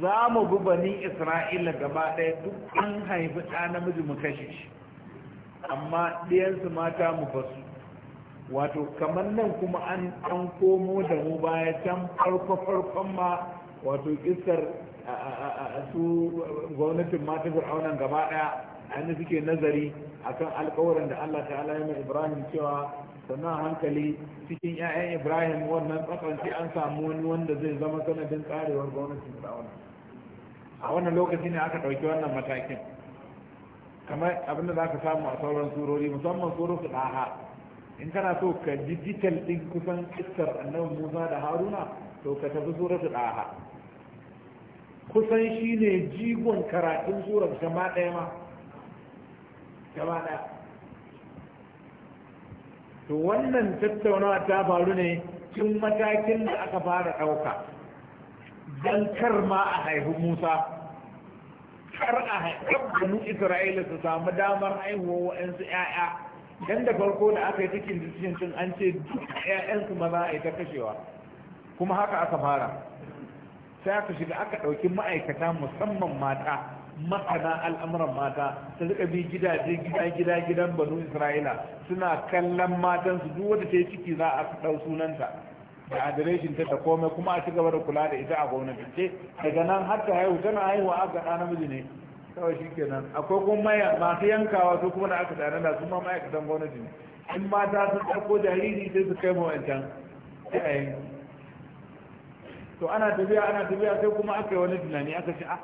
za mu bi bani isra'ila gaba ɗaya duk an haifi ɗa namiji mu kashe shi amma ɗiyansu mata mu basu wato kamar nan kuma an ɗan komo da mu baya can farko farkon ma wato kisar su gwamnatin mata fir'aunan gaba daya an suke nazari kan alkawarin da Allah ta'ala ya mai Ibrahim cewa sannan hankali cikin 'ya'yan Ibrahim wannan tsakanci an samu wani wanda zai zama sanadin tsarewar gwamnatin fir'auna a wannan lokaci ne aka ɗauki wannan matakin kamar abin da za ka samu a sauran surori musamman surorin ɗaha in kana so ka digital ɗin kusan iskar annabi musa da haruna to ka tafi surorin ɗaha kusan shi ne jigon karatun surar gama ɗaya ma gama ɗaya to wannan tattaunawa ta faru ne tun matakin da aka fara ɗauka don kar ma a haihu musa kar a haihu isra'ila su samu damar haihuwa wa'ansu 'ya'ya dan da farko da aka yi cikin cikin an ce duk 'ya'yansu maza a yi ta kashewa kuma haka aka fara sai aka shiga aka ɗauki ma'aikata musamman mata masana al'amuran mata ta rika bi gidaje gida gida gidan banu isra'ila suna kallon matan su duk wanda ta yi ciki za a ɗau sunanta da adireshin ta da komai kuma a ci gaba da kula da ita a ce daga nan har ta haihu tana haihuwa aka ɗa namiji ne kawai shi kenan akwai kuma masu yankawa su kuma da aka tare da su ma ma'aikatan gwamnati ne in mata sun ɗauko jariri sai su kai ma wancan sai a yanki to ana tafiya ana tafiya sai kuma aka yi wani tunani aka ce ah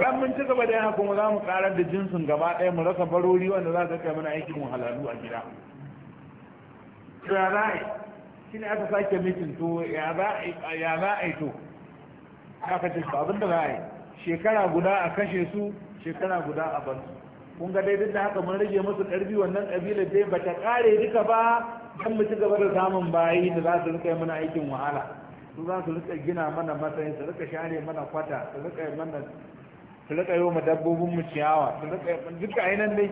ran mun ci gaba da yana kuma za mu karar da jinsin gaba ɗaya mu rasa barori wanda za ka kai mana aikin halalu a gida to ya za a yi shi ne aka sake mitin to ya za a yi to aka ce abin da za a yi shekara guda a kashe su shekara guda a bar su kun ga daidai da haka mun rage musu ƙarfi wannan ƙabilar dai ba ta ƙare duka ba don mu ci gaba da samun bayi da za su rika mana aikin wahala su za su rika gina mana matsayin su rika share mana kwata su rika yi mana su rika yi wa dabbobin mu ciyawa su rika yi duka ainihin dai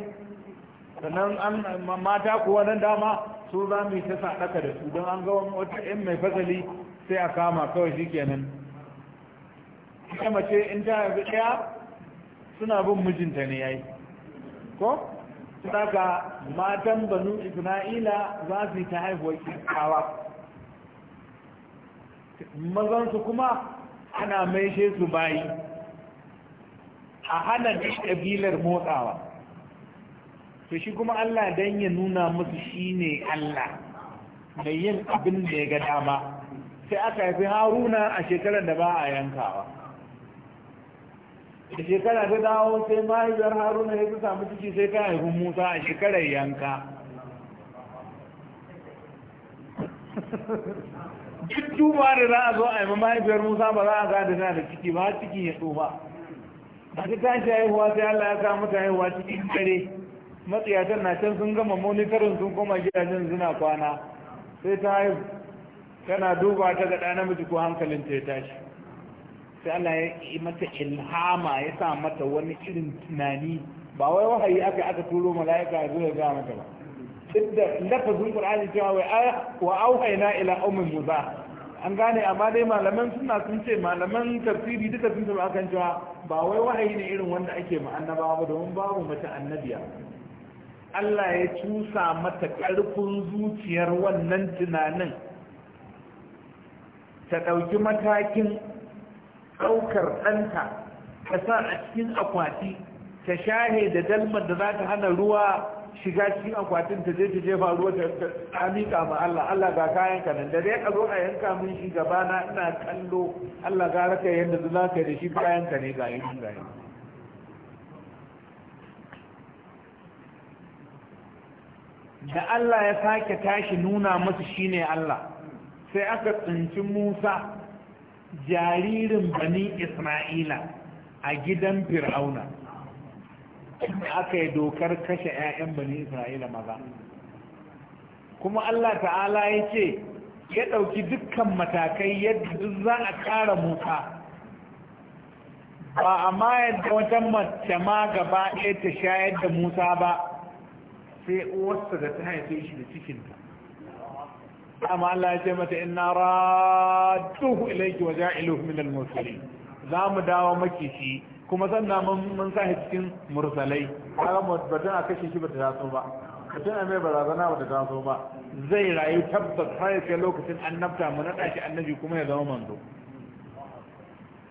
sannan an mata kuwa nan dama su za mu yi ta sadaka da su don an ga wata yan mai fasali sai a kama kawai shi kenan ita mace in ta haifi ɗaya suna bin mijinta ne yayi ko saka matan banu isra'ila za su yi ta haihuwar kawai mazansu kuma ana maishe su bayi a hana duk ƙabilar motsawa to shi kuma Allah dan ya nuna musu shine Allah mai yin abin da ya ga dama sai aka haifi haruna a shekarar da ba a yankawa da shekara ta dawo sai mahaifiyar haruna ya fi samu ciki sai ta haifi musa a shekarar yanka duk duba da za a zo a yi mahaifiyar musa ba za a ga da na da ciki ba ciki ya tsufa a ta tashi haihuwa sai allah ya sa mata haihuwa cikin kare. matsiyatan na can sun gama monitorin sun koma gidajen zina kwana sai ta haihu tana duba ta ga ɗa namiji ko hankalin ta ya tashi sai allah ya yi mata ilhama ya sa mata wani irin tunani ba wai wahayi aka aka turo mala'ika ya zo ya gaya mata ba inda lafazin qur'ani cewa wai aya wa auhayna ila ummi musa an gane amma dai malaman suna sun ce malaman tafsiri duka sun tabbata akan cewa ba wai wahayi ne irin wanda ake ma annabawa ba domin babu mace annabiya Allah ya cusa mata ƙarfin zuciyar wannan tunanin ta ɗauki matakin ɗaukar ɗanta ta sa a cikin akwati ta shahe da dalmar da za ta hana ruwa shiga cikin akwatin ta je ta jefa ruwa ta amika ma Allah Allah ga kayan ka nan da dai ka a yanka min shi gaba na ina kallo Allah ga raka yanda za ka da shi kayan ka ne ga yin ga da Allah ya sake tashi nuna masa shine Allah sai aka tsinci Musa jaririn bani Isra'ila a gidan Fir'auna aka yi dokar kashe 'ya'yan bani isra'ila maza kuma allah ta'ala ya ce ya ɗauki dukkan matakai yadda duk za a ƙara muka ba a ma yadda wata mace ma gaba ɗaya ta shayar da musa ba sai uwarsa da ta haife shi da cikinta amma allah ya ce mata ina raduhu ilaiki wa ja'iluhu min al musulmi za mu dawo maki shi kuma sannan mun sa cikin mursalai kaga batun a kashe shi bata taso ba batun a mai barazana bata taso ba zai rayu tabbas har ya lokacin annabta mu naɗa shi annabi kuma ya zama manzo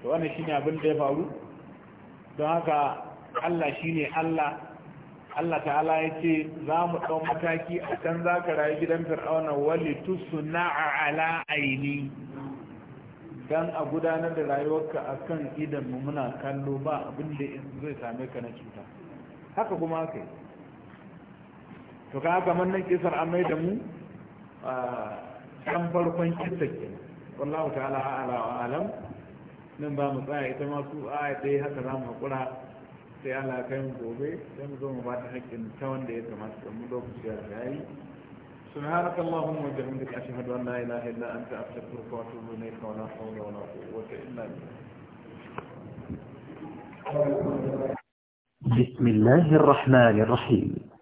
to wannan shine abin da ya faru don haka Allah shine Allah Allah ta'ala ya ce za mu ɗau mataki a can za ka rayu gidan fir'auna wali tusuna ala aini dan a gudanar da rayuwarka a kan idanmu muna kallo ba abin da zai same ka na cuta haka kuma haka yi to ka haka mannan kisar an da mu ɗan farkon kisar wallahu ta'ala ala wa alam nan ba mu tsaya ita ma su a dai haka za mu haƙura sai ala kayan gobe sai mu zo mu ba ta haƙƙin ta wanda ya kamata mu lokaci ya yi سبحانك اللهم وبحمدك أشهد أن لا إله إلا أنت أستغفرك وأتوب إليك ولا حول ولا قوة إلا بالله بسم الله الرحمن الرحيم